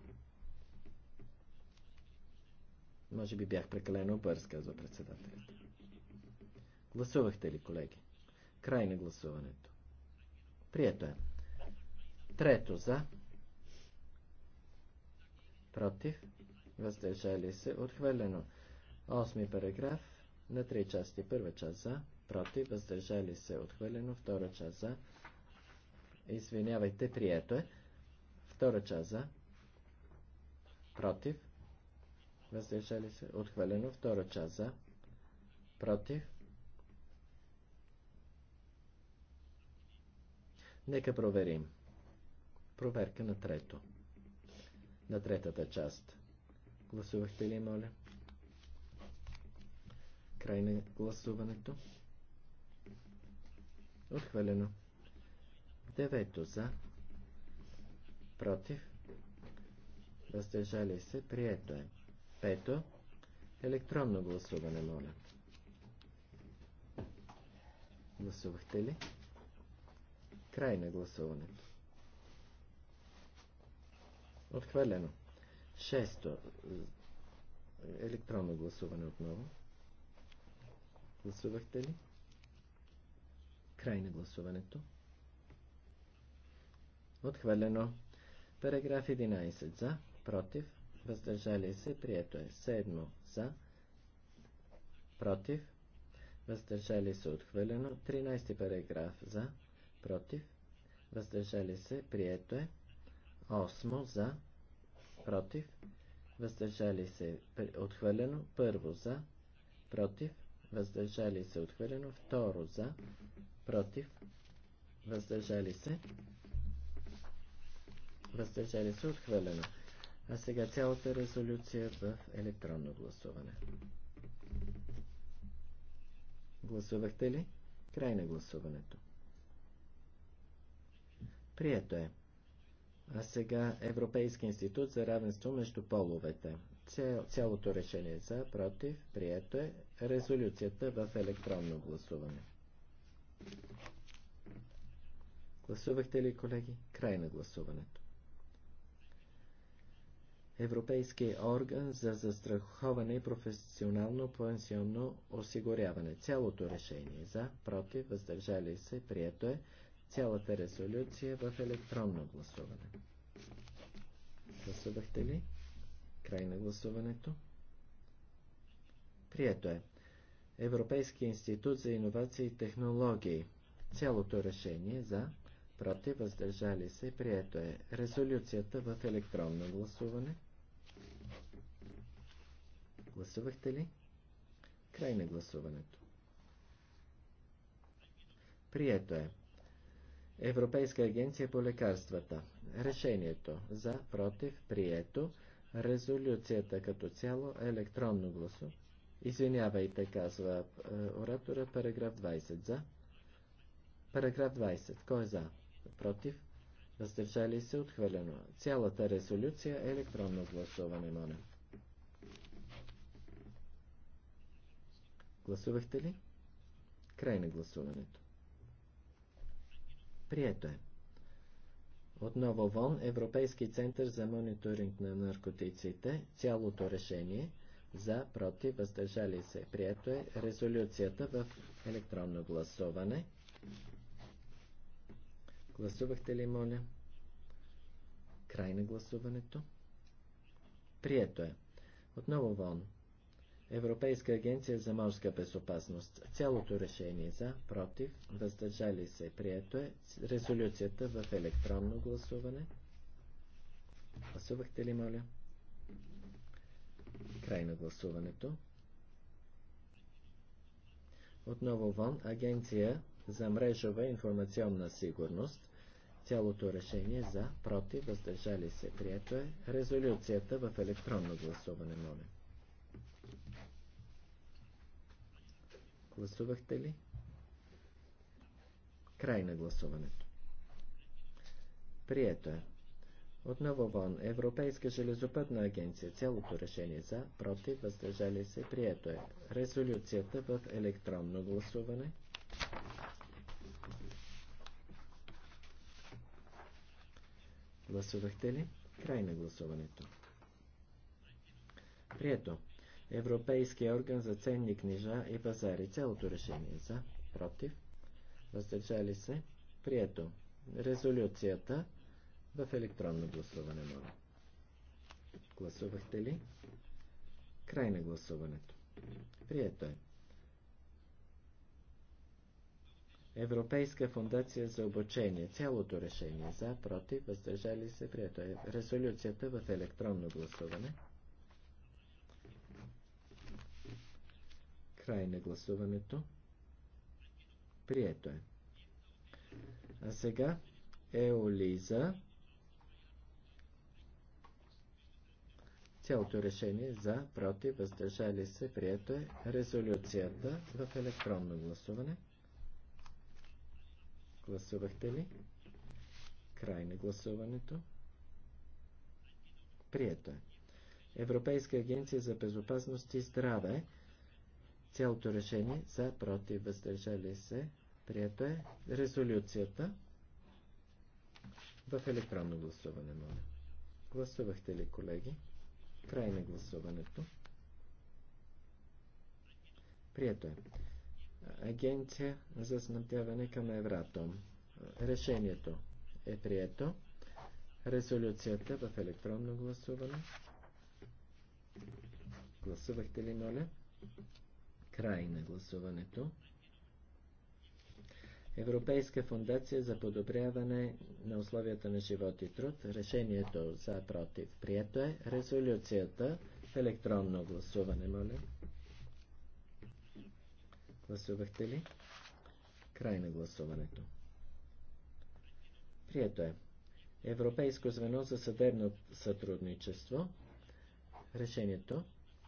Speaker 1: Може би бях прекалено бърз, казва председателят. Гласувахте ли, колеги? Край на гласуването. Прието е. Трето за. Против въздържали се, отхвърлено. Осми параграф на три части. Първа част за, против, въздържали се, отхвърлено. Втора част за, извинявайте, прието е. Втора част за, против, въздържали се, отхвърлено. Втора част за, против. Нека проверим. Проверка на трето. На третата част. Гласувахте ли, моля? Край на гласуването. Отхвалено. Девето за. Против. Въздържали се. Прието е. Пето. Електронно гласуване, моля. Гласувахте ли? Край на гласуването. Отхвалено. Шесто. Електронно гласуване отново. Гласувахте ли? Край на гласуването. Отхвърлено. Параграф 11. За. Против. Въздържали се. Прието е. Седмо. За. Против. Въздържали се. Отхвърлено. 13 параграф. За. Против. Въздържали се. Прието е. Осмо. За против, въздържали се отхвърлено, първо за, против, въздържали се отхвърлено, второ за, против, въздържали се, въздържали се отхвърлено. А сега цялата резолюция в електронно гласуване. Гласувахте ли? Край на гласуването. Прието е а сега Европейски институт за равенство между половете. Цялото решение е за, против, прието е резолюцията в електронно гласуване. Гласувахте ли, колеги? Край на гласуването. Европейски орган за застраховане и професионално пенсионно осигуряване. Цялото решение е за, против, въздържали се, прието е цялата резолюция в електронно гласуване. Гласувахте ли? Край на гласуването. Прието е. Европейски институт за иновации и технологии. Цялото решение за против въздържали се. Прието е. Резолюцията в електронно гласуване. Гласувахте ли? Край на гласуването. Прието е. Европейска агенция по лекарствата. Решението за, против, прието. Резолюцията като цяло е електронно гласо. Извинявайте, казва е, оратора, параграф 20 за. Параграф 20. Кой е за? Против? Въздържали се отхвърлено. Цялата резолюция е електронно гласуване, моля. Гласувахте ли? Край на гласуването. Прието е. Отново ВОН, Европейски център за мониторинг на наркотиците, цялото решение за, против, въздържали се. Прието е резолюцията в електронно гласуване. Гласувахте ли, моля? Край на гласуването. Прието е. Отново ВОН. Европейска агенция за морска безопасност. Цялото решение за, против, въздържали се, прието е. Резолюцията в електронно гласуване. Гласувахте ли, моля? Край на гласуването. Отново ВОН, Агенция за мрежова информационна сигурност. Цялото решение за, против, въздържали се, прието е. Резолюцията в електронно гласуване, моля. Гласувахте ли? Край на гласуването. Прието е. Отново ВОН, Европейска железопътна агенция, цялото решение за, против, въздържали се, прието е. Резолюцията в електронно гласуване. Гласувахте ли? Край на гласуването. Прието. Европейския орган за ценни книжа и пазари. Целото решение за, против, въздържали се, прието. Резолюцията в електронно гласуване, моля. Гласувахте ли? Край на гласуването. Прието е. Европейска фундация за обучение. Цялото решение за, против, въздържали се, прието е. Резолюцията в електронно гласуване. Край на гласуването. Прието е. А сега Еолиза. Цялото решение за, против, въздържали се, прието е резолюцията в електронно гласуване. Гласувахте ли? Край на гласуването. Прието е. Европейска агенция за безопасност и здраве цялото решение за против въздържали се. Прието е резолюцията в електронно гласуване, моля. Гласувахте ли, колеги? Край на гласуването. Прието е. Агенция за снабдяване към Евратом. Решението е прието. Резолюцията в електронно гласуване. Гласувахте ли, моля? Край на гласуването. Европейска фундация за подобряване на условията на живот и труд. Решението за против прието е. Резолюцията в електронно гласуване, моля. Гласувахте ли? Край на гласуването. Прието е. Европейско звено за съдебно сътрудничество. Решението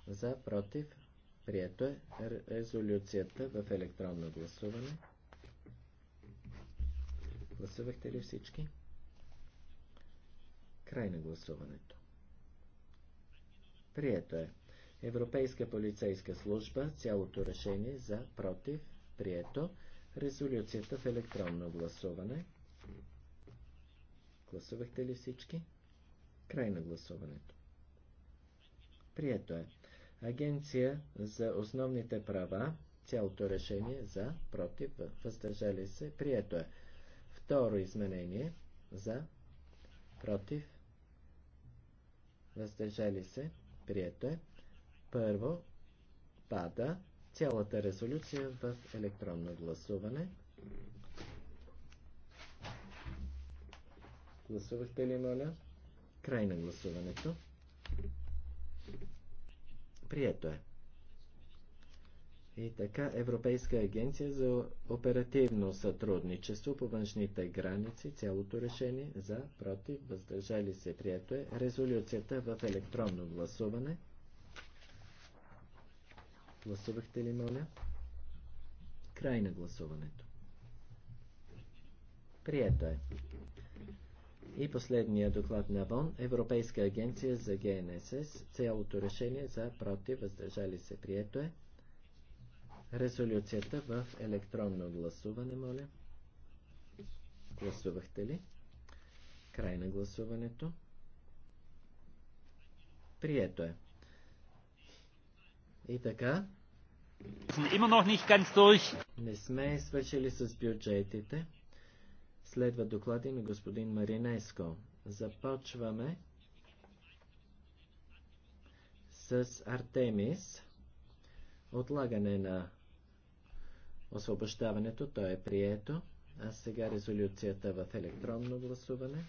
Speaker 1: за против Прието е резолюцията в електронно гласуване. Гласувахте ли всички? Край на гласуването. Прието е. Европейска полицейска служба, цялото решение за против, прието. Резолюцията в електронно гласуване. Гласувахте ли всички? Край на гласуването. Прието е. Агенция за основните права, цялото решение за, против, въздържали се, прието е. Второ изменение за, против, въздържали се, прието е. Първо, пада цялата резолюция в електронно гласуване. Гласувахте ли, моля? Край на гласуването. Прието е. И така, Европейска агенция за оперативно сътрудничество по външните граници, цялото решение за, против, въздържали се, прието е. Резолюцията в електронно гласуване. Гласувахте ли, моля? Край на гласуването. Прието е. И последния доклад на ВОН, Европейска агенция за ГНСС, цялото решение за против, въздържали се, прието е. Резолюцията в електронно гласуване, моля. Гласувахте ли? Край на гласуването. Прието е. И така. Не сме свършили с бюджетите. Следва доклади на господин Маринеско. Започваме с Артемис. Отлагане на освобождаването, то е прието. А сега резолюцията в електронно гласуване.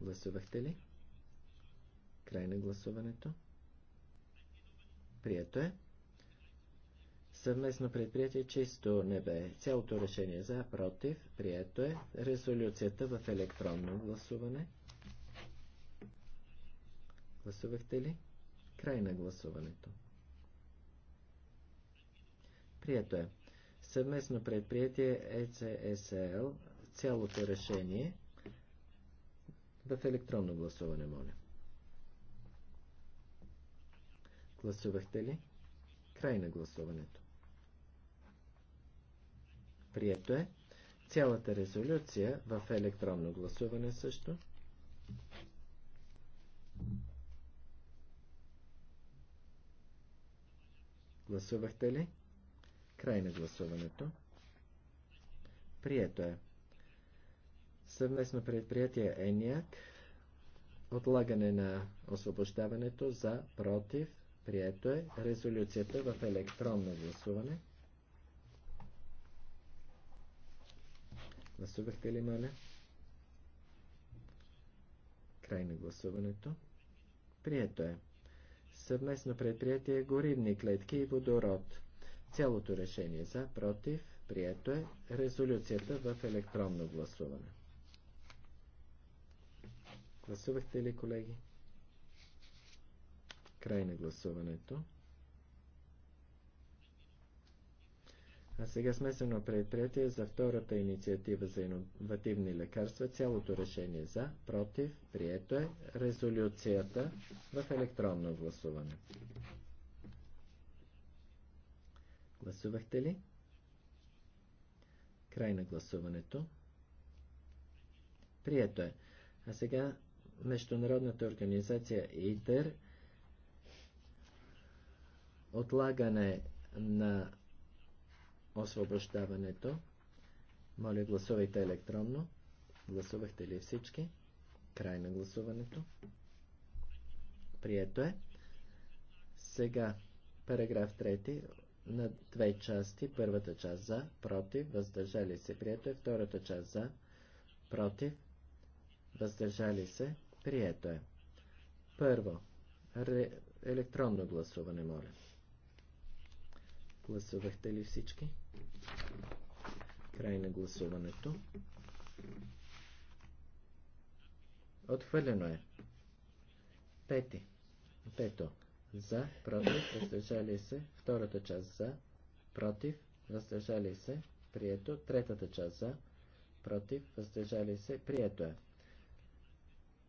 Speaker 1: Гласувахте ли? Край на гласуването. Прието е. Съвместно предприятие чисто не бе. Цялото решение за, против, прието е. Резолюцията в електронно гласуване. Гласувахте ли? Край на гласуването. Прието е. Съвместно предприятие ЕЦСЛ. Е Цялото решение в електронно гласуване, моля. Гласувахте ли? Край на гласуването. Прието е. Цялата резолюция в електронно гласуване също. Гласувахте ли? Край на гласуването. Прието е. Съвместно предприятие ЕНИАК. Отлагане на освобождаването за против. Прието е резолюцията в електронно гласуване. Гласувахте ли, моля? Край на гласуването. Прието е. Съвместно предприятие горивни клетки и водород. Цялото решение за, против, прието е резолюцията в електронно гласуване. Гласувахте ли, колеги? Край на гласуването. А сега смесено предприятие за втората инициатива за иновативни лекарства. Цялото решение за, против, прието е резолюцията в електронно гласуване. Гласувахте ли? Край на гласуването. Прието е. А сега Международната организация ИТЕР отлагане на освобождаването. Моля, гласувайте електронно. Гласувахте ли всички? Край на гласуването. Прието е. Сега, параграф 3 на две части. Първата част за, против, въздържали се. Прието е. Втората част за, против, въздържали се. Прието е. Първо, електронно гласуване, моля. Гласувахте ли всички? Край на гласуването. Отхвърлено е. Пети. Пето. За, против, въздържали се. Втората част за, против, въздържали се. Прието. Третата част за, против, въздържали се. Прието е.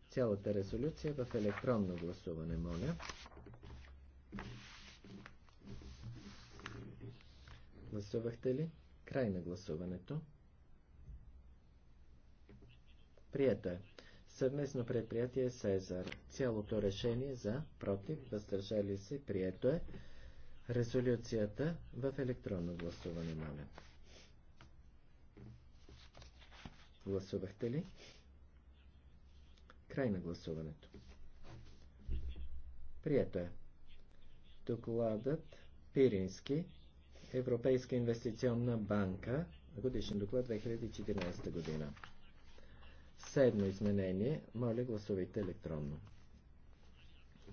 Speaker 1: Цялата резолюция в електронно гласуване, моля. Гласувахте ли? Край на гласуването. Прието е. Съвместно предприятие Сезар. Цялото решение за, против, въздържали се, прието е. Резолюцията в електронно гласуване, моля. Гласувахте ли? Край на гласуването. Прието е. Докладът Пирински Европейска инвестиционна банка, годишен доклад 2014 година. Седмо изменение. Моля, гласувайте електронно.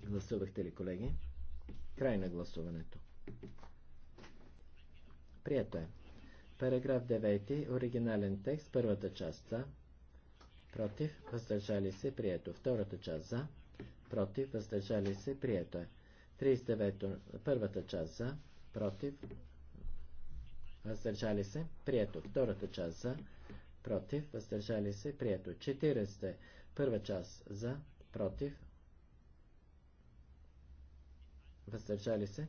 Speaker 1: Гласувахте ли, колеги? Край на гласуването. Прието е. Параграф 9. Оригинален текст. Първата част за. Против. Въздържали се. Прието. Втората част за. Против. Въздържали се. Прието е. 39. Първата част за. Против въздържали се, прието. Втората част за, против, въздържали се, прието. 40. Първа част за, против, въздържали се,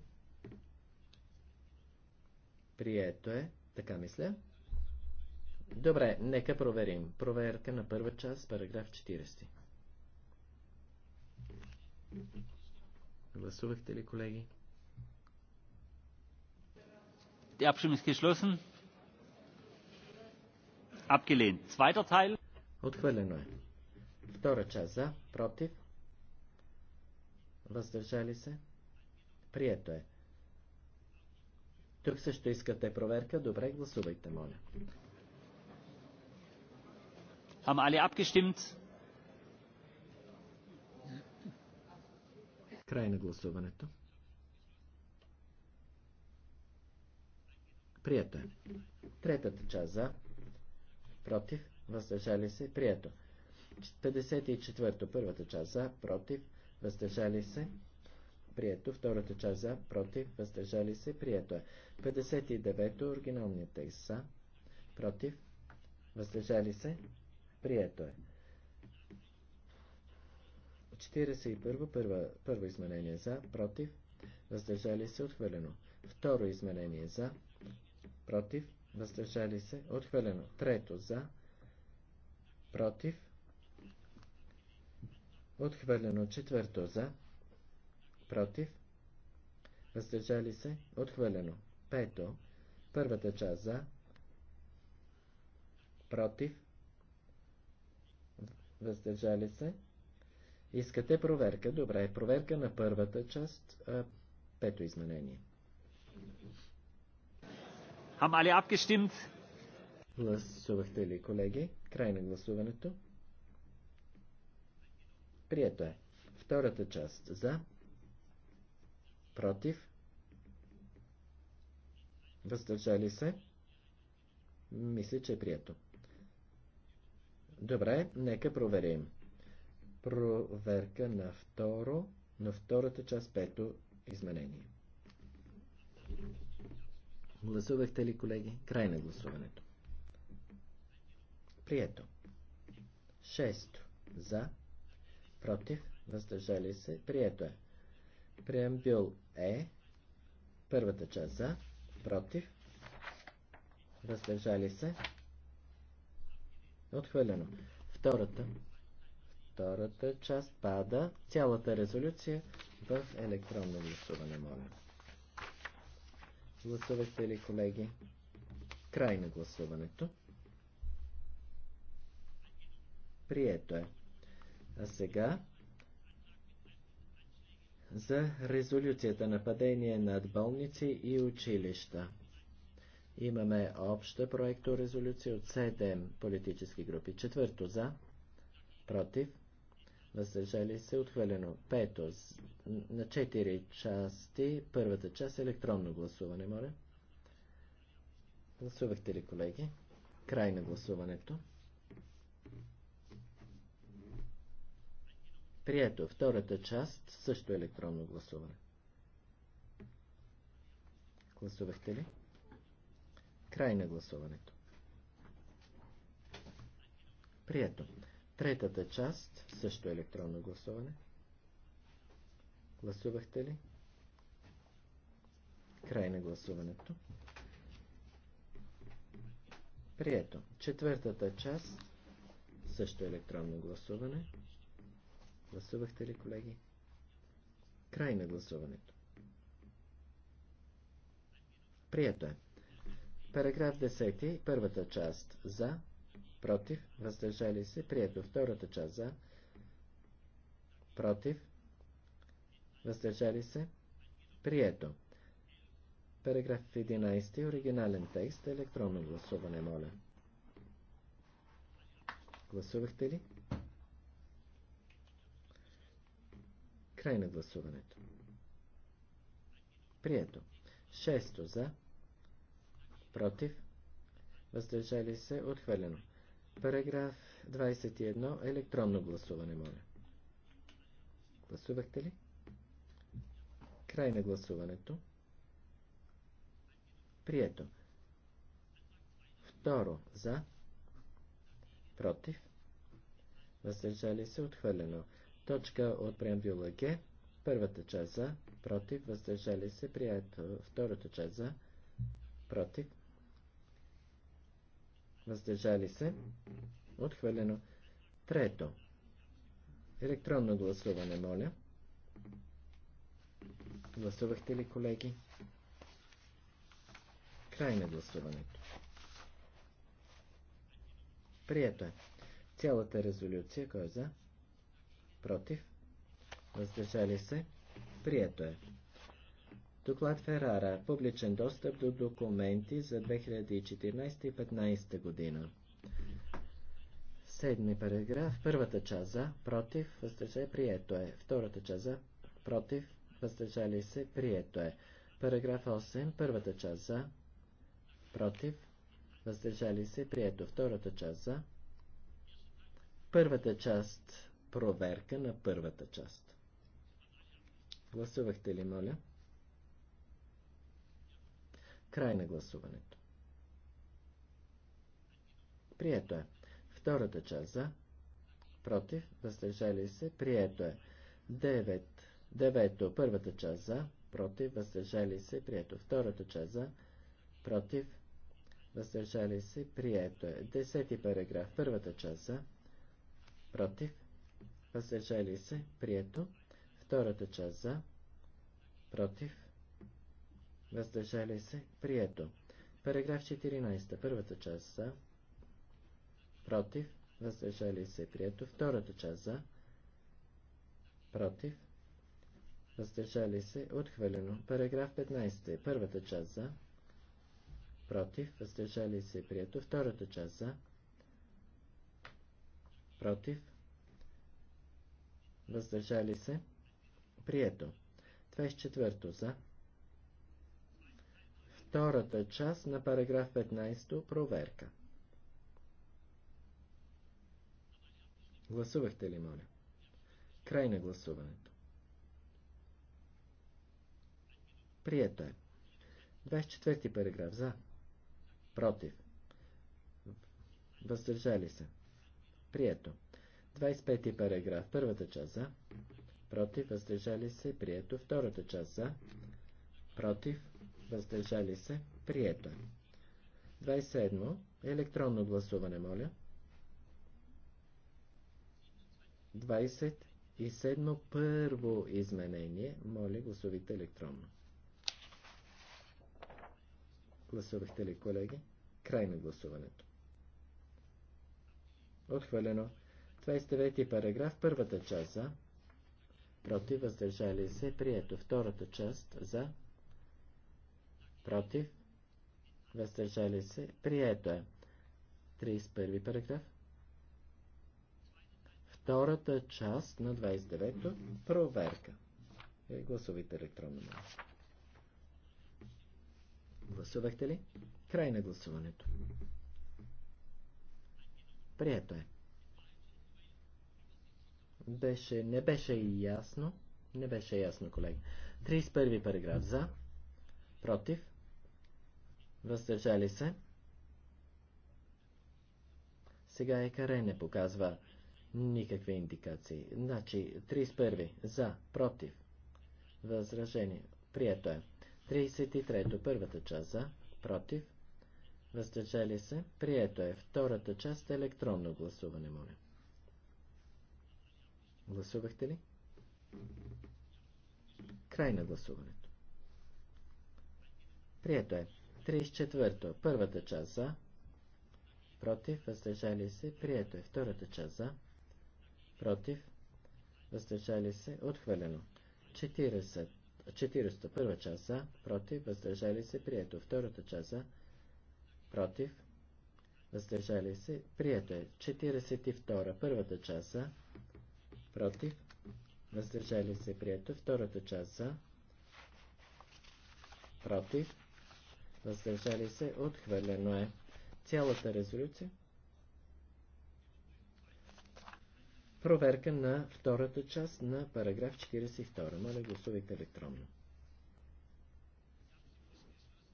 Speaker 1: прието е, така мисля. Добре, нека проверим. Проверка на първа част, параграф 40. Гласувахте ли,
Speaker 2: колеги? Die Abstimmung ist geschlossen. Abgelehnt. Zweiter Teil. Отхвърлено е.
Speaker 1: Втора част за, против, въздържали се, прието е. Тук също искате проверка. Добре, гласувайте, моля.
Speaker 2: Haben alle abgestimmt?
Speaker 1: Край на гласуването. Прието е. Третата част за. Против. Въздържали се. Прието. 54. Първата част за. Против. Въздържали се. Прието. Втората част за. Против. Въздържали се. Прието е. 59. Оригиналният текст за. Против. Въздържали се. Прието е. 41. Първа, първо изменение за. Против. Въздържали се. Отхвърлено. Второ изменение за против, въздържали се, отхвърлено. Трето за, против, отхвърлено. Четвърто за, против, въздържали се, отхвърлено. Пето, първата част за, против, въздържали се. Искате проверка? Добре, проверка на първата част, пето изменение.
Speaker 2: Haben alle abgestimmt?
Speaker 1: Гласувахте ли, колеги? Край на гласуването. Прието е. Втората част. За. Против. Въздържали се. Мисля, че е прието. Добре, нека проверим. Проверка на второ, на втората част пето изменение. Гласувахте ли, колеги? Край на гласуването. Прието. Шесто. За. Против. Въздържали се. Прието е. Преамбюл е. Първата част за. Против. Въздържали се. Отхвърлено. Втората. Втората част пада. Цялата резолюция в електронно гласуване, моля. Гласувахте ли, колеги? Край на гласуването. Прието е. А сега за резолюцията нападение над болници и училища. Имаме обща резолюция от 7 политически групи. Четвърто за, против, въздържали се, отхвърлено. Пето, на 4 части, първата част е електронно гласуване, моля. Гласувахте ли, колеги? Край на гласуването. Прието. Втората част също е електронно гласуване. Гласувахте ли? Край на гласуването. Прието. Третата част, също е електронно гласуване. Гласувахте ли? Край на гласуването. Прието. Четвъртата част, също е електронно гласуване. Гласувахте ли, колеги? Край на гласуването. Прието е. Параграф 10, първата част за, против, въздържали се, прието. Втората част за, против, въздържали се, прието. Параграф 11, оригинален текст, електронно гласуване, моля. Гласувахте ли? Край на гласуването. Прието. Шесто за. Против. Въздържали се. Отхвърлено. Параграф 21. Електронно гласуване, моля. Гласувахте ли? Край на гласуването. Прието. Второ. За. Против. Въздържали се. Отхвърлено. Точка от преамбюла Г. Първата част за. Против. Въздържали се. Прието. Втората част за. Против въздържали се, отхвърлено. Трето. Електронно гласуване, моля. Гласувахте ли, колеги? Край на гласуването. Прието е. Цялата резолюция, кой е за? Против? Въздържали се? Прието е. Доклад Ферара. Публичен достъп до документи за 2014 и 2015 година. Седми параграф. Първата част за, против, въздържа е. прието е. Втората част за, против, въздържали се, прието е. Параграф 8. Първата част за, против, въздържали се, прието. Втората част за. Първата част. Проверка на първата част. Гласувахте ли, моля? Край на гласуването. Прието е. Втората част за. Против. Въздържали се. Прието е. 9. Девето. Първата част за. Против. Въздържали се. Прието. Втората част за. Против. Въздържали се. Прието е. Десети параграф. Първата част за. Против. Въздържали се. Прието. Втората част за. Против въздържали се, прието. Параграф 14, първата част за, против, въздържали се, прието. Втората част за, против, въздържали се, отхвърлено. Параграф 15, първата част за, против, въздържали се, прието. Втората част за, против, въздържали се, прието. 24 за, втората част на параграф 15 проверка. Гласувахте ли, моля? Край на гласуването. Прието е. 24 параграф за. Против. Въздържали се. Прието. 25 параграф. Първата част за. Против. Въздържали се. Прието. Втората част за. Против въздържали се, прието е. 27. Електронно гласуване, моля. 27. Първо изменение, моля, гласувайте електронно. Гласувахте ли, колеги? Край на гласуването. Отхвалено. 29 параграф, първата част за. Против, въздържали се, прието. Втората част за против, въздържали се, прието е. 31 параграф. Втората част на 29-то проверка. Е, гласувайте електронно. Гласувахте ли? Край на гласуването. Прието е. Беше, не беше и ясно. Не беше ясно, колега. 31 параграф за. Против въздържали се. Сега Екаре не показва никакви индикации. Значи 31 за, против, възражение, прието е. 33 първата част за, против, въздържали се, прието е. Втората част електронно гласуване, моля. Гласувахте ли? Край на гласуването. Прието е. 34. Първата част за. Против. Въздържали се. Прието е. Втората част за. Против. Въздържали се. Отхвърлено. 40. 40. Първа част за. Против. Въздържали се. Прието. Втората част за. Против. Въздържали се. Прието е. 42. Първата част за. Против. Въздържали се. Прието. Втората част за. Против въздържали се, отхвърлено е. Цялата резолюция. Проверка на втората част на параграф 42. Моля, гласувайте електронно.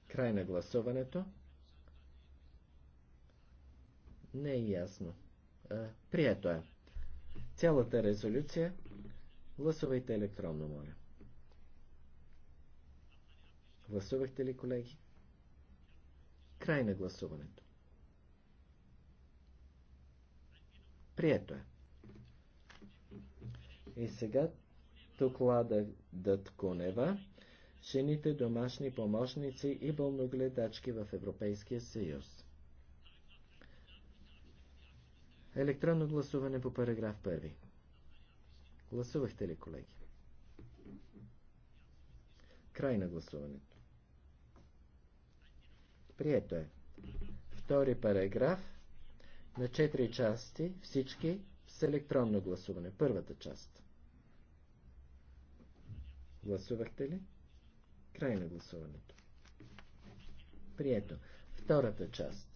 Speaker 1: Край на гласуването. Не е ясно. А, прието е. Цялата резолюция. Гласувайте електронно, моля. Гласувахте ли, колеги? Край на гласуването. Прието е. И сега доклада конева, жените домашни помощници и болногледачки в Европейския съюз. Електронно гласуване по параграф 1. Гласувахте ли, колеги? Край на гласуването. Прието е. Втори параграф на четири части, всички с електронно гласуване. Първата част. Гласувахте ли? Край на гласуването. Прието. Втората част.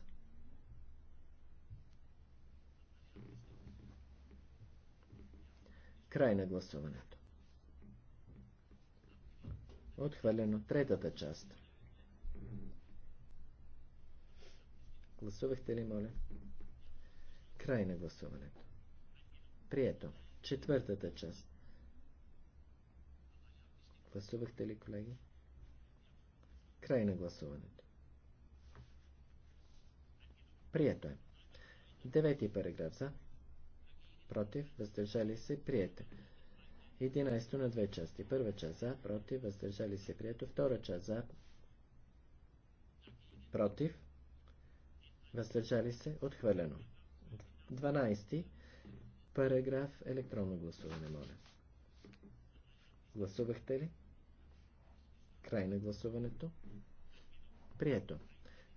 Speaker 1: Край на гласуването. Отхвалено третата част. Гласувахте ли, моля? Край на гласуването. Прието. Четвъртата част. Гласувахте ли, колеги? Край на гласуването. Прието е. Девети параграф за. Против, въздържали се, прието. 11 на две части. Първа част за, против, въздържали се, прието. Втора част за, против, въздържали се, отхвърлено. 12. Параграф електронно гласуване, моля. Гласувахте ли? Край на гласуването. Прието.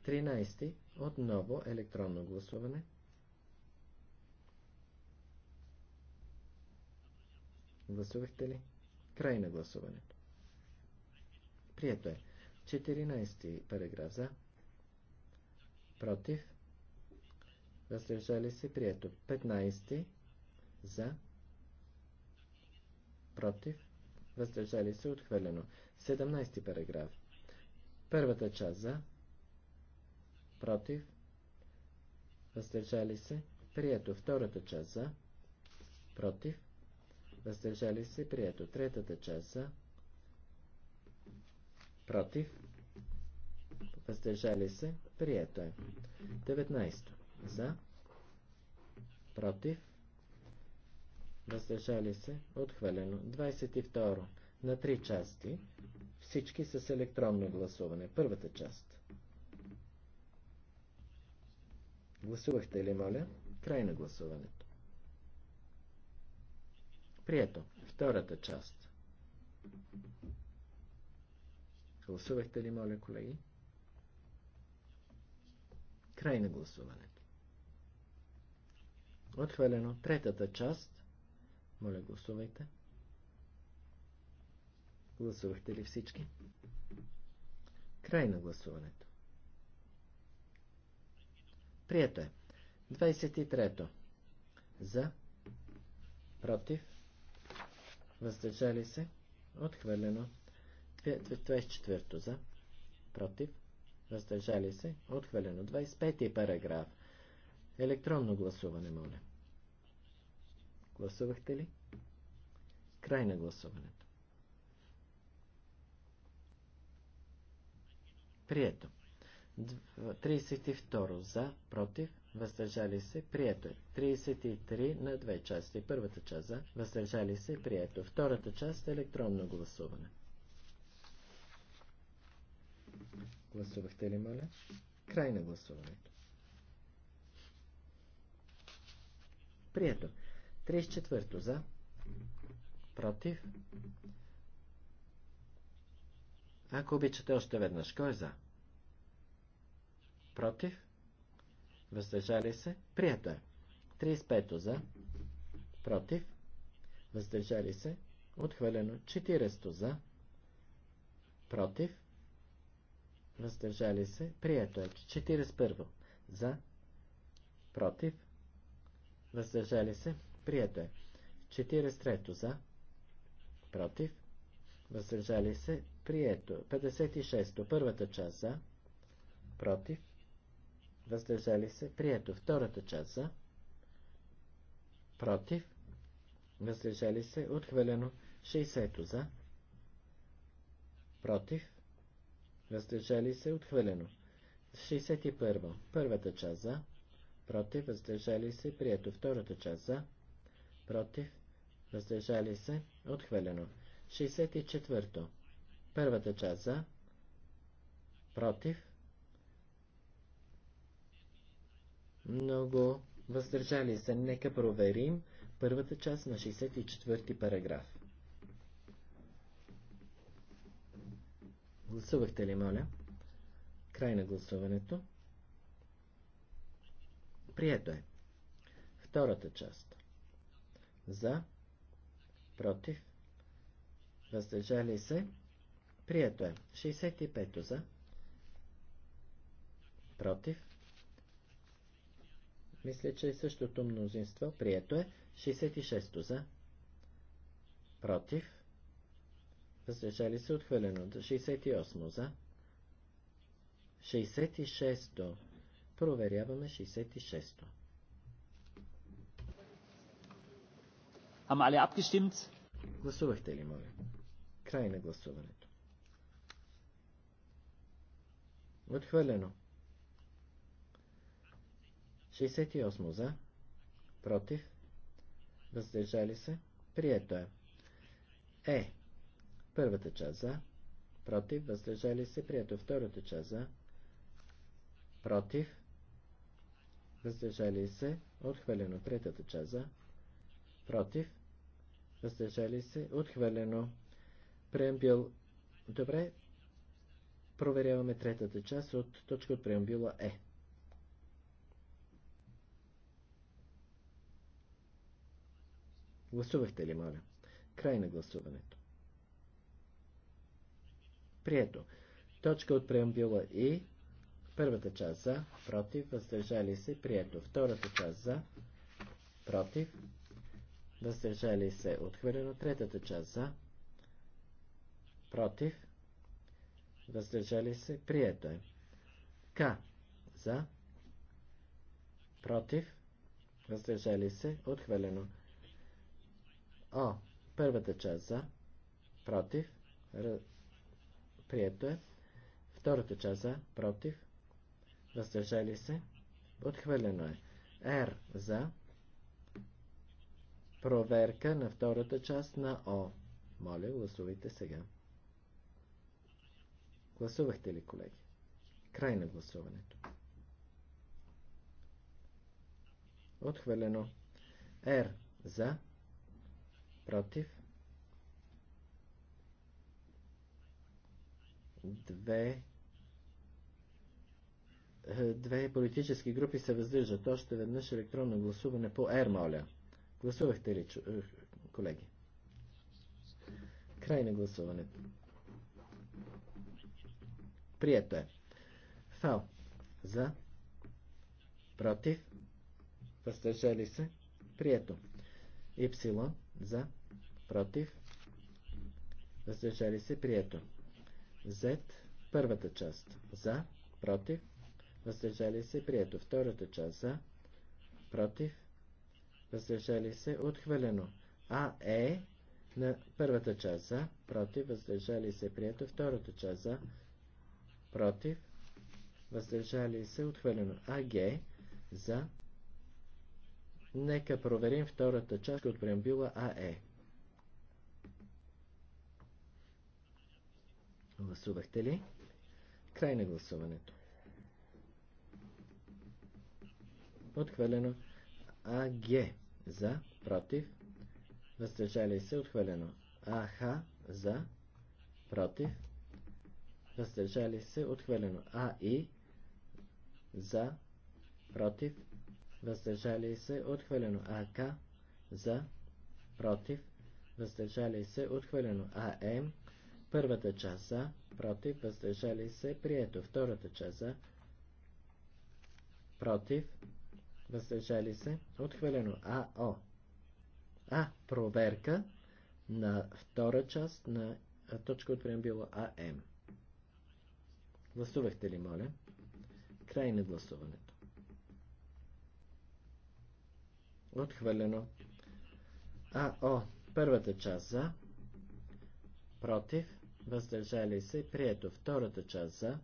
Speaker 1: 13. Отново електронно гласуване. Гласувахте ли? Край на гласуването. Прието е. 14 параграф за против, въздържали се, прието. 15 за, против, въздържали се, отхвърлено. 17 параграф. Първата част за, против, въздържали се, прието. Втората част за, против, въздържали се, прието. Третата част за, против, въздържали се, прието е. 19. За, против, въздържали се, отхвалено. 22. На три части, всички с електронно гласуване. Първата част. Гласувахте ли, моля? Край на гласуването. Прието. Втората част. Гласувахте ли, моля, колеги? Край на гласуването. Отхвърлено. Третата част. Моля, гласувайте. Гласувахте ли всички? Край на гласуването. Прието е. 23-то. За. Против. Въздържали се. Отхвърлено. 24-то. За. Против въздържали се, отхвърлено. 25 ти параграф. Електронно гласуване, моля. Гласувахте ли? Край на гласуването. Прието. 32 за, против, въздържали се, прието е. 33 на две части. Първата част за, въздържали се, прието. Втората част електронно гласуване. Гласувахте ли, моля? Край на гласуването. Прието. 34 за. Против. Ако обичате още веднъж, кой е за? Против. Въздържали се? Прието е. 35 за. Против. Въздържали се? Отхвърлено. 40 за. Против въздържали се, прието е. 41 за, против, въздържали се, прието е. 43 за, против, въздържали се, прието. 56 първата част за, против, въздържали се, прието. Втората част за, против, въздържали се, отхвърлено. 60 за, против, въздържали се, отхвърлено. 61. Първата част за, против, въздържали се, прието. Втората част за, против, въздържали се, отхвърлено. 64. Първата част за, против, много въздържали се. Нека проверим първата част на 64 параграф. Гласувахте ли, моля? Край на гласуването. Прието е. Втората част. За, против, въздържали се. Прието е. 65 за, против. Мисля, че е същото мнозинство. Прието е. 66 за, против въздържали се отхвърлено. 68 за. 66-то. Проверяваме 66-то. Амали alle Гласувахте ли, моля? Край на гласуването. Отхвърлено. 68 за. Против. Въздържали се. Прието е. Е. Първата част за, против, въздържали се, прието. Втората част за, против, въздържали се, отхвърлено. Третата част за, против, въздържали се, отхвърлено. Преамбил. Добре, проверяваме третата част от точка от преамбила Е. Гласувахте ли, моля? Край на гласуването. Прието. Точка от преамбюла И. Първата част за, против, въздържали се, прието. Втората част за, против, въздържали се, отхвърлено. Третата част за, против, въздържали се, прието е. К. За, против, въздържали се, отхвърлено. О. Първата част за, против, Прието е. Втората част за, против, въздържали се, отхвърлено е. Р за проверка на втората част на О. Моля, гласувайте сега. Гласувахте ли, колеги? Край на гласуването. Отхвърлено. Р за против, две е, две политически групи се въздържат. Още веднъж електронно гласуване по Р, моля. Гласувахте ли, е, колеги? Край на гласуването. Прието е. Фал. За. Против. Въздържали се. Прието. Ипсилон. За. Против. Въздържали се. Прието. Z, първата част за, против, въздържали се, прието. Втората част за, против, въздържали се, отхвърлено. А е на първата част за, против, въздържали се, прието. Втората част за, против, въздържали се, отхвърлено. А Г за, нека проверим втората част от преамбюла АЕ. Гласувахте ли? Край на гласуването. Отхвърлено. АГ за, против, въздържали се, отхвърлено. АХ за, против, въздържали се, отхвърлено. АИ за, против, въздържали се, отхвърлено. АК за, против, въздържали се, отхвърлено. АМ Първата част за, против, въздържали се, прието. Втората част за, против, въздържали се, отхвърлено. АО. А, проверка на втора част на точка от преамбила АМ. Гласувахте ли, моля? Край на гласуването. Отхвърлено. АО. Първата част за. Против въздържали се, прието. Втората част за,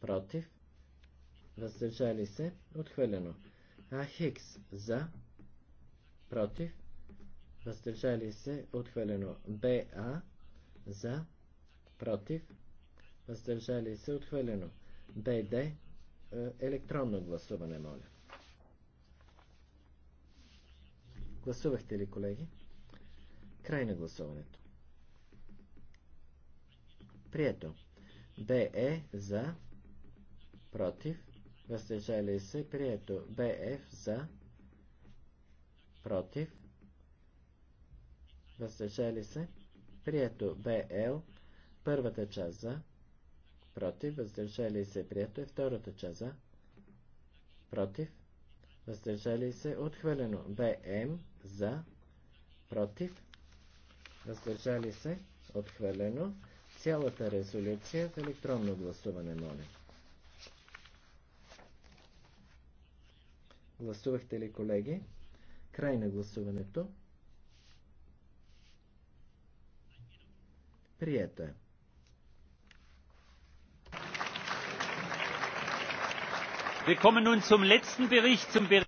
Speaker 1: против, въздържали се, отхвърлено. А Хикс за, против, въздържали се, отхвърлено. БА за, против, въздържали се, отхвърлено. БД, е, електронно гласуване, моля. Гласувахте ли, колеги? Край на гласуването. Прието. БЕ за. Против. Въздържали се. Прието. БФ е, за. Против. Въздържали се. Прието. БЛ. Първата част за. Против. Въздържали се. Прието и втората част за. Против. Въздържали се. Отхвърлено. БМ за. Против. Въздържали се. Отхвърлено цялата резолюция в електронно гласуване, моля. Гласувахте ли, колеги? Край на гласуването.
Speaker 2: Прието е.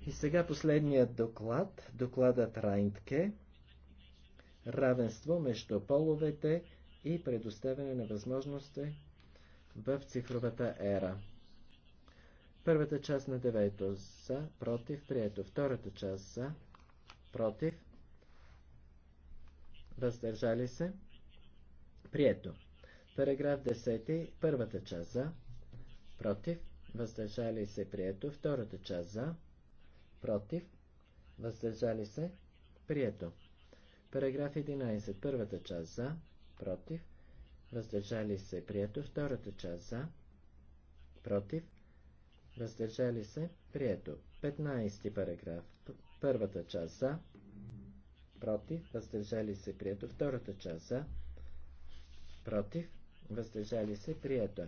Speaker 2: И сега последният доклад, докладът Райнтке,
Speaker 1: равенство между половете, и предоставяне на възможности в цифровата ера. Първата част на девето са против, прието. Втората част са против, въздържали се, прието. Параграф 10, първата част за, против, въздържали се, прието. Втората част за, против, въздържали се, прието. Параграф 11, първата част за, против, въздържали се, прието. Втората част за, против, въздържали се, прието. 15 параграф. Първата част за, против, въздържали се, прието. Втората част за, против, въздържали се, прието.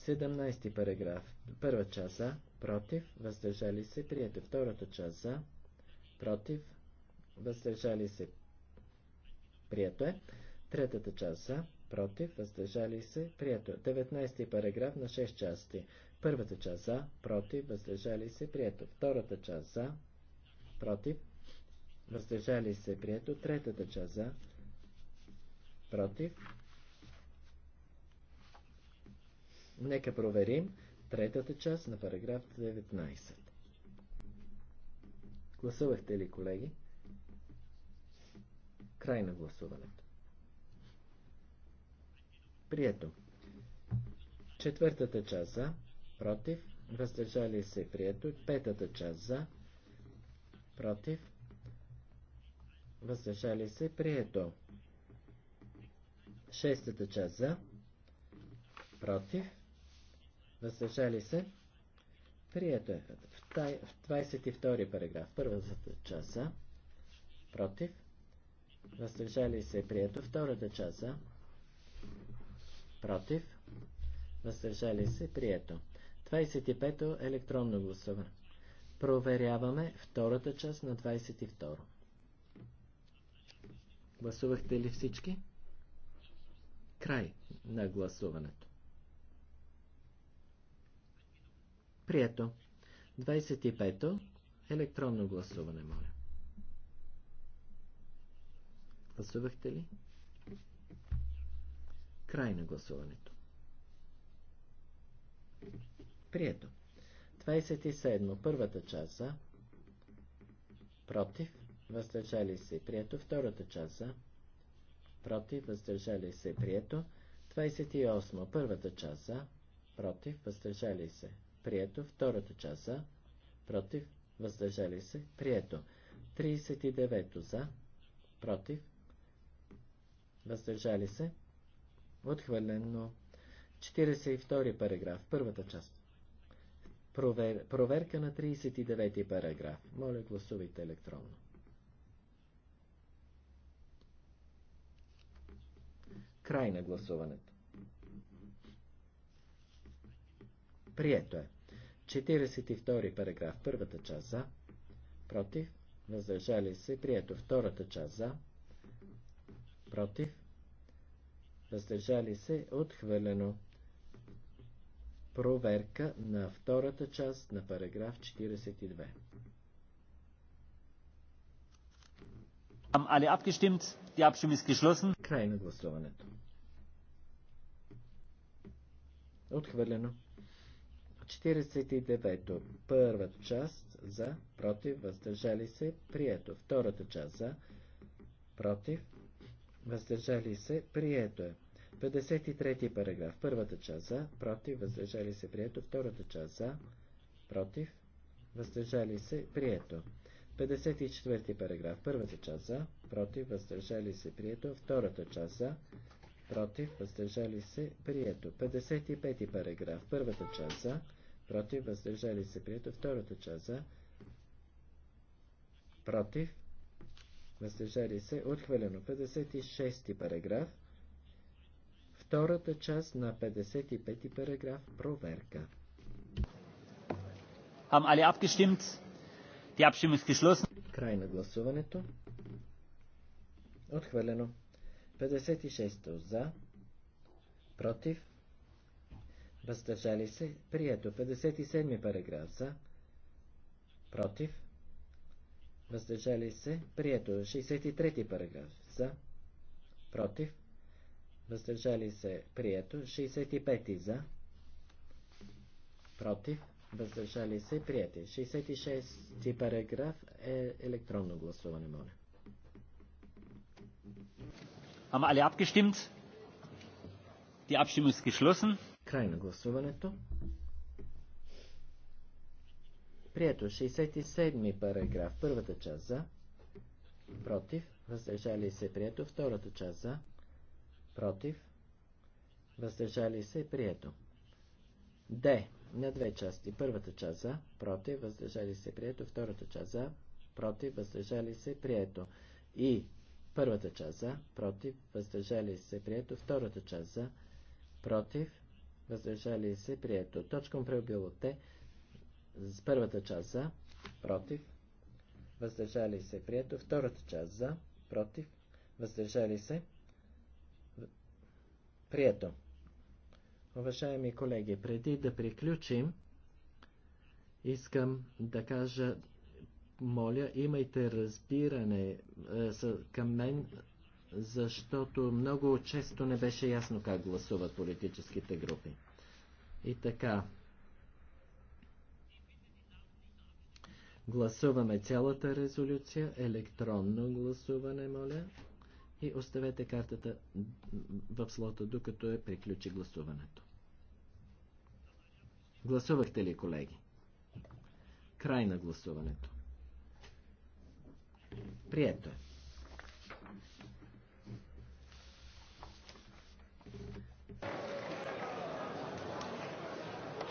Speaker 1: 17 параграф. Първа част за, против, въздържали се, прието. Втората част за, против, въздържали се, прието е. Третата част за, против, въздържали се, прието. 19 ти параграф на 6 части. Първата част за, против, въздържали се, прието. Втората част за, против, въздържали се, прието. Третата част за, против. Нека проверим третата част на параграф 19. Гласувахте ли, колеги? Край на гласуването. Прието. Четвъртата част за, против, въздържали се, прието. Петата част за, против, въздържали се, прието. Шестата част за, против, въздържали се, прието е. В 22 параграф, първата част за, против, въздържали се, прието. Втората част за, против, въздържали се, прието. 25-то електронно гласуване. Проверяваме втората част на 22. Гласувахте ли всички? Край на гласуването. Прието. 25-то електронно гласуване, моля. Гласувахте ли? Край на гласуването. Прието. 27. Първата част за. Против. Въздържали се. Прието. Втората част за. Против. Въздържали се. Прието. 28. Първата част за. Против. Въздържали се. Прието. Втората част за. Против. Въздържали се. Прието. 39. За. Против. Въздържали се. Отхвърлено. 42 параграф, първата част. Провер... Проверка на 39 параграф. Моля, гласувайте електронно. Край на гласуването. Прието е. 42 параграф, първата част за, против, въздържали се, прието втората част за, против, въздържали се, отхвърлено. Проверка на втората част на параграф
Speaker 2: 42. Am alle abgestimmt? Die Abstimmung ist geschlossen. Край на гласуването.
Speaker 1: Отхвърлено. 49-то. Първата част за, против, въздържали се, прието. Втората част за, против, въздържали се, прието е. 53 параграф, първата част за, против, въздържали се, прието, втората част за, против, въздържали се, прието. 54 параграф, първата част за, против, въздържали се, прието, втората част за, против, въздържали се, прието. 55 параграф, първата част за, против, въздържали се, прието, втората част за, против, въздържали се, отхвърлено. 56 параграф, втората част на 55 параграф, проверка. Хам али abgestimmt? ти Abstimmung ist Край на гласуването. Отхвърлено. 56 за, против, въздържали се, прието. 57 параграф за, против, въздържали се, прието. 63 параграф за, против, въздържали се, прието. 65 за, против, въздържали се, прияти. 66 параграф
Speaker 2: е електронно гласуване, моля. Ама али abgestimmt? Ти Abstimmung ist Край на гласуването.
Speaker 1: Прието 67 параграф, първата част за, против, въздържали се, прието, втората част за, против, въздържали се, прието. Д. На две части. Първата част за, против, въздържали се, прието. Втората част за, против, въздържали се, прието. И първата част за, против, въздържали се, прието. Втората част за, против, въздържали се, прието. Точком преобило Т. С първата част за, против, въздържали се, прието. Втората част за, против, въздържали се, прието. Уважаеми колеги, преди да приключим, искам да кажа, моля, имайте разбиране е, към мен, защото много често не беше ясно как гласуват политическите групи. И така, Гласуваме цялата резолюция, електронно гласуване, моля. И оставете картата в слота, докато е приключи гласуването. Гласувахте ли, колеги? Край на гласуването. Прието е.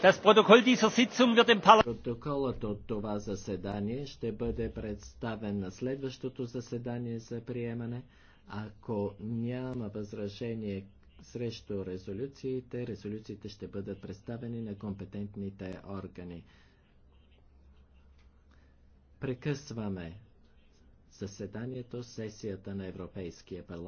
Speaker 2: Протоколът
Speaker 1: от това заседание ще бъде представен на следващото заседание за приемане. Ако няма възражение срещу резолюциите, резолюциите ще бъдат представени на компетентните органи. Прекъсваме заседанието, сесията на Европейския парламент.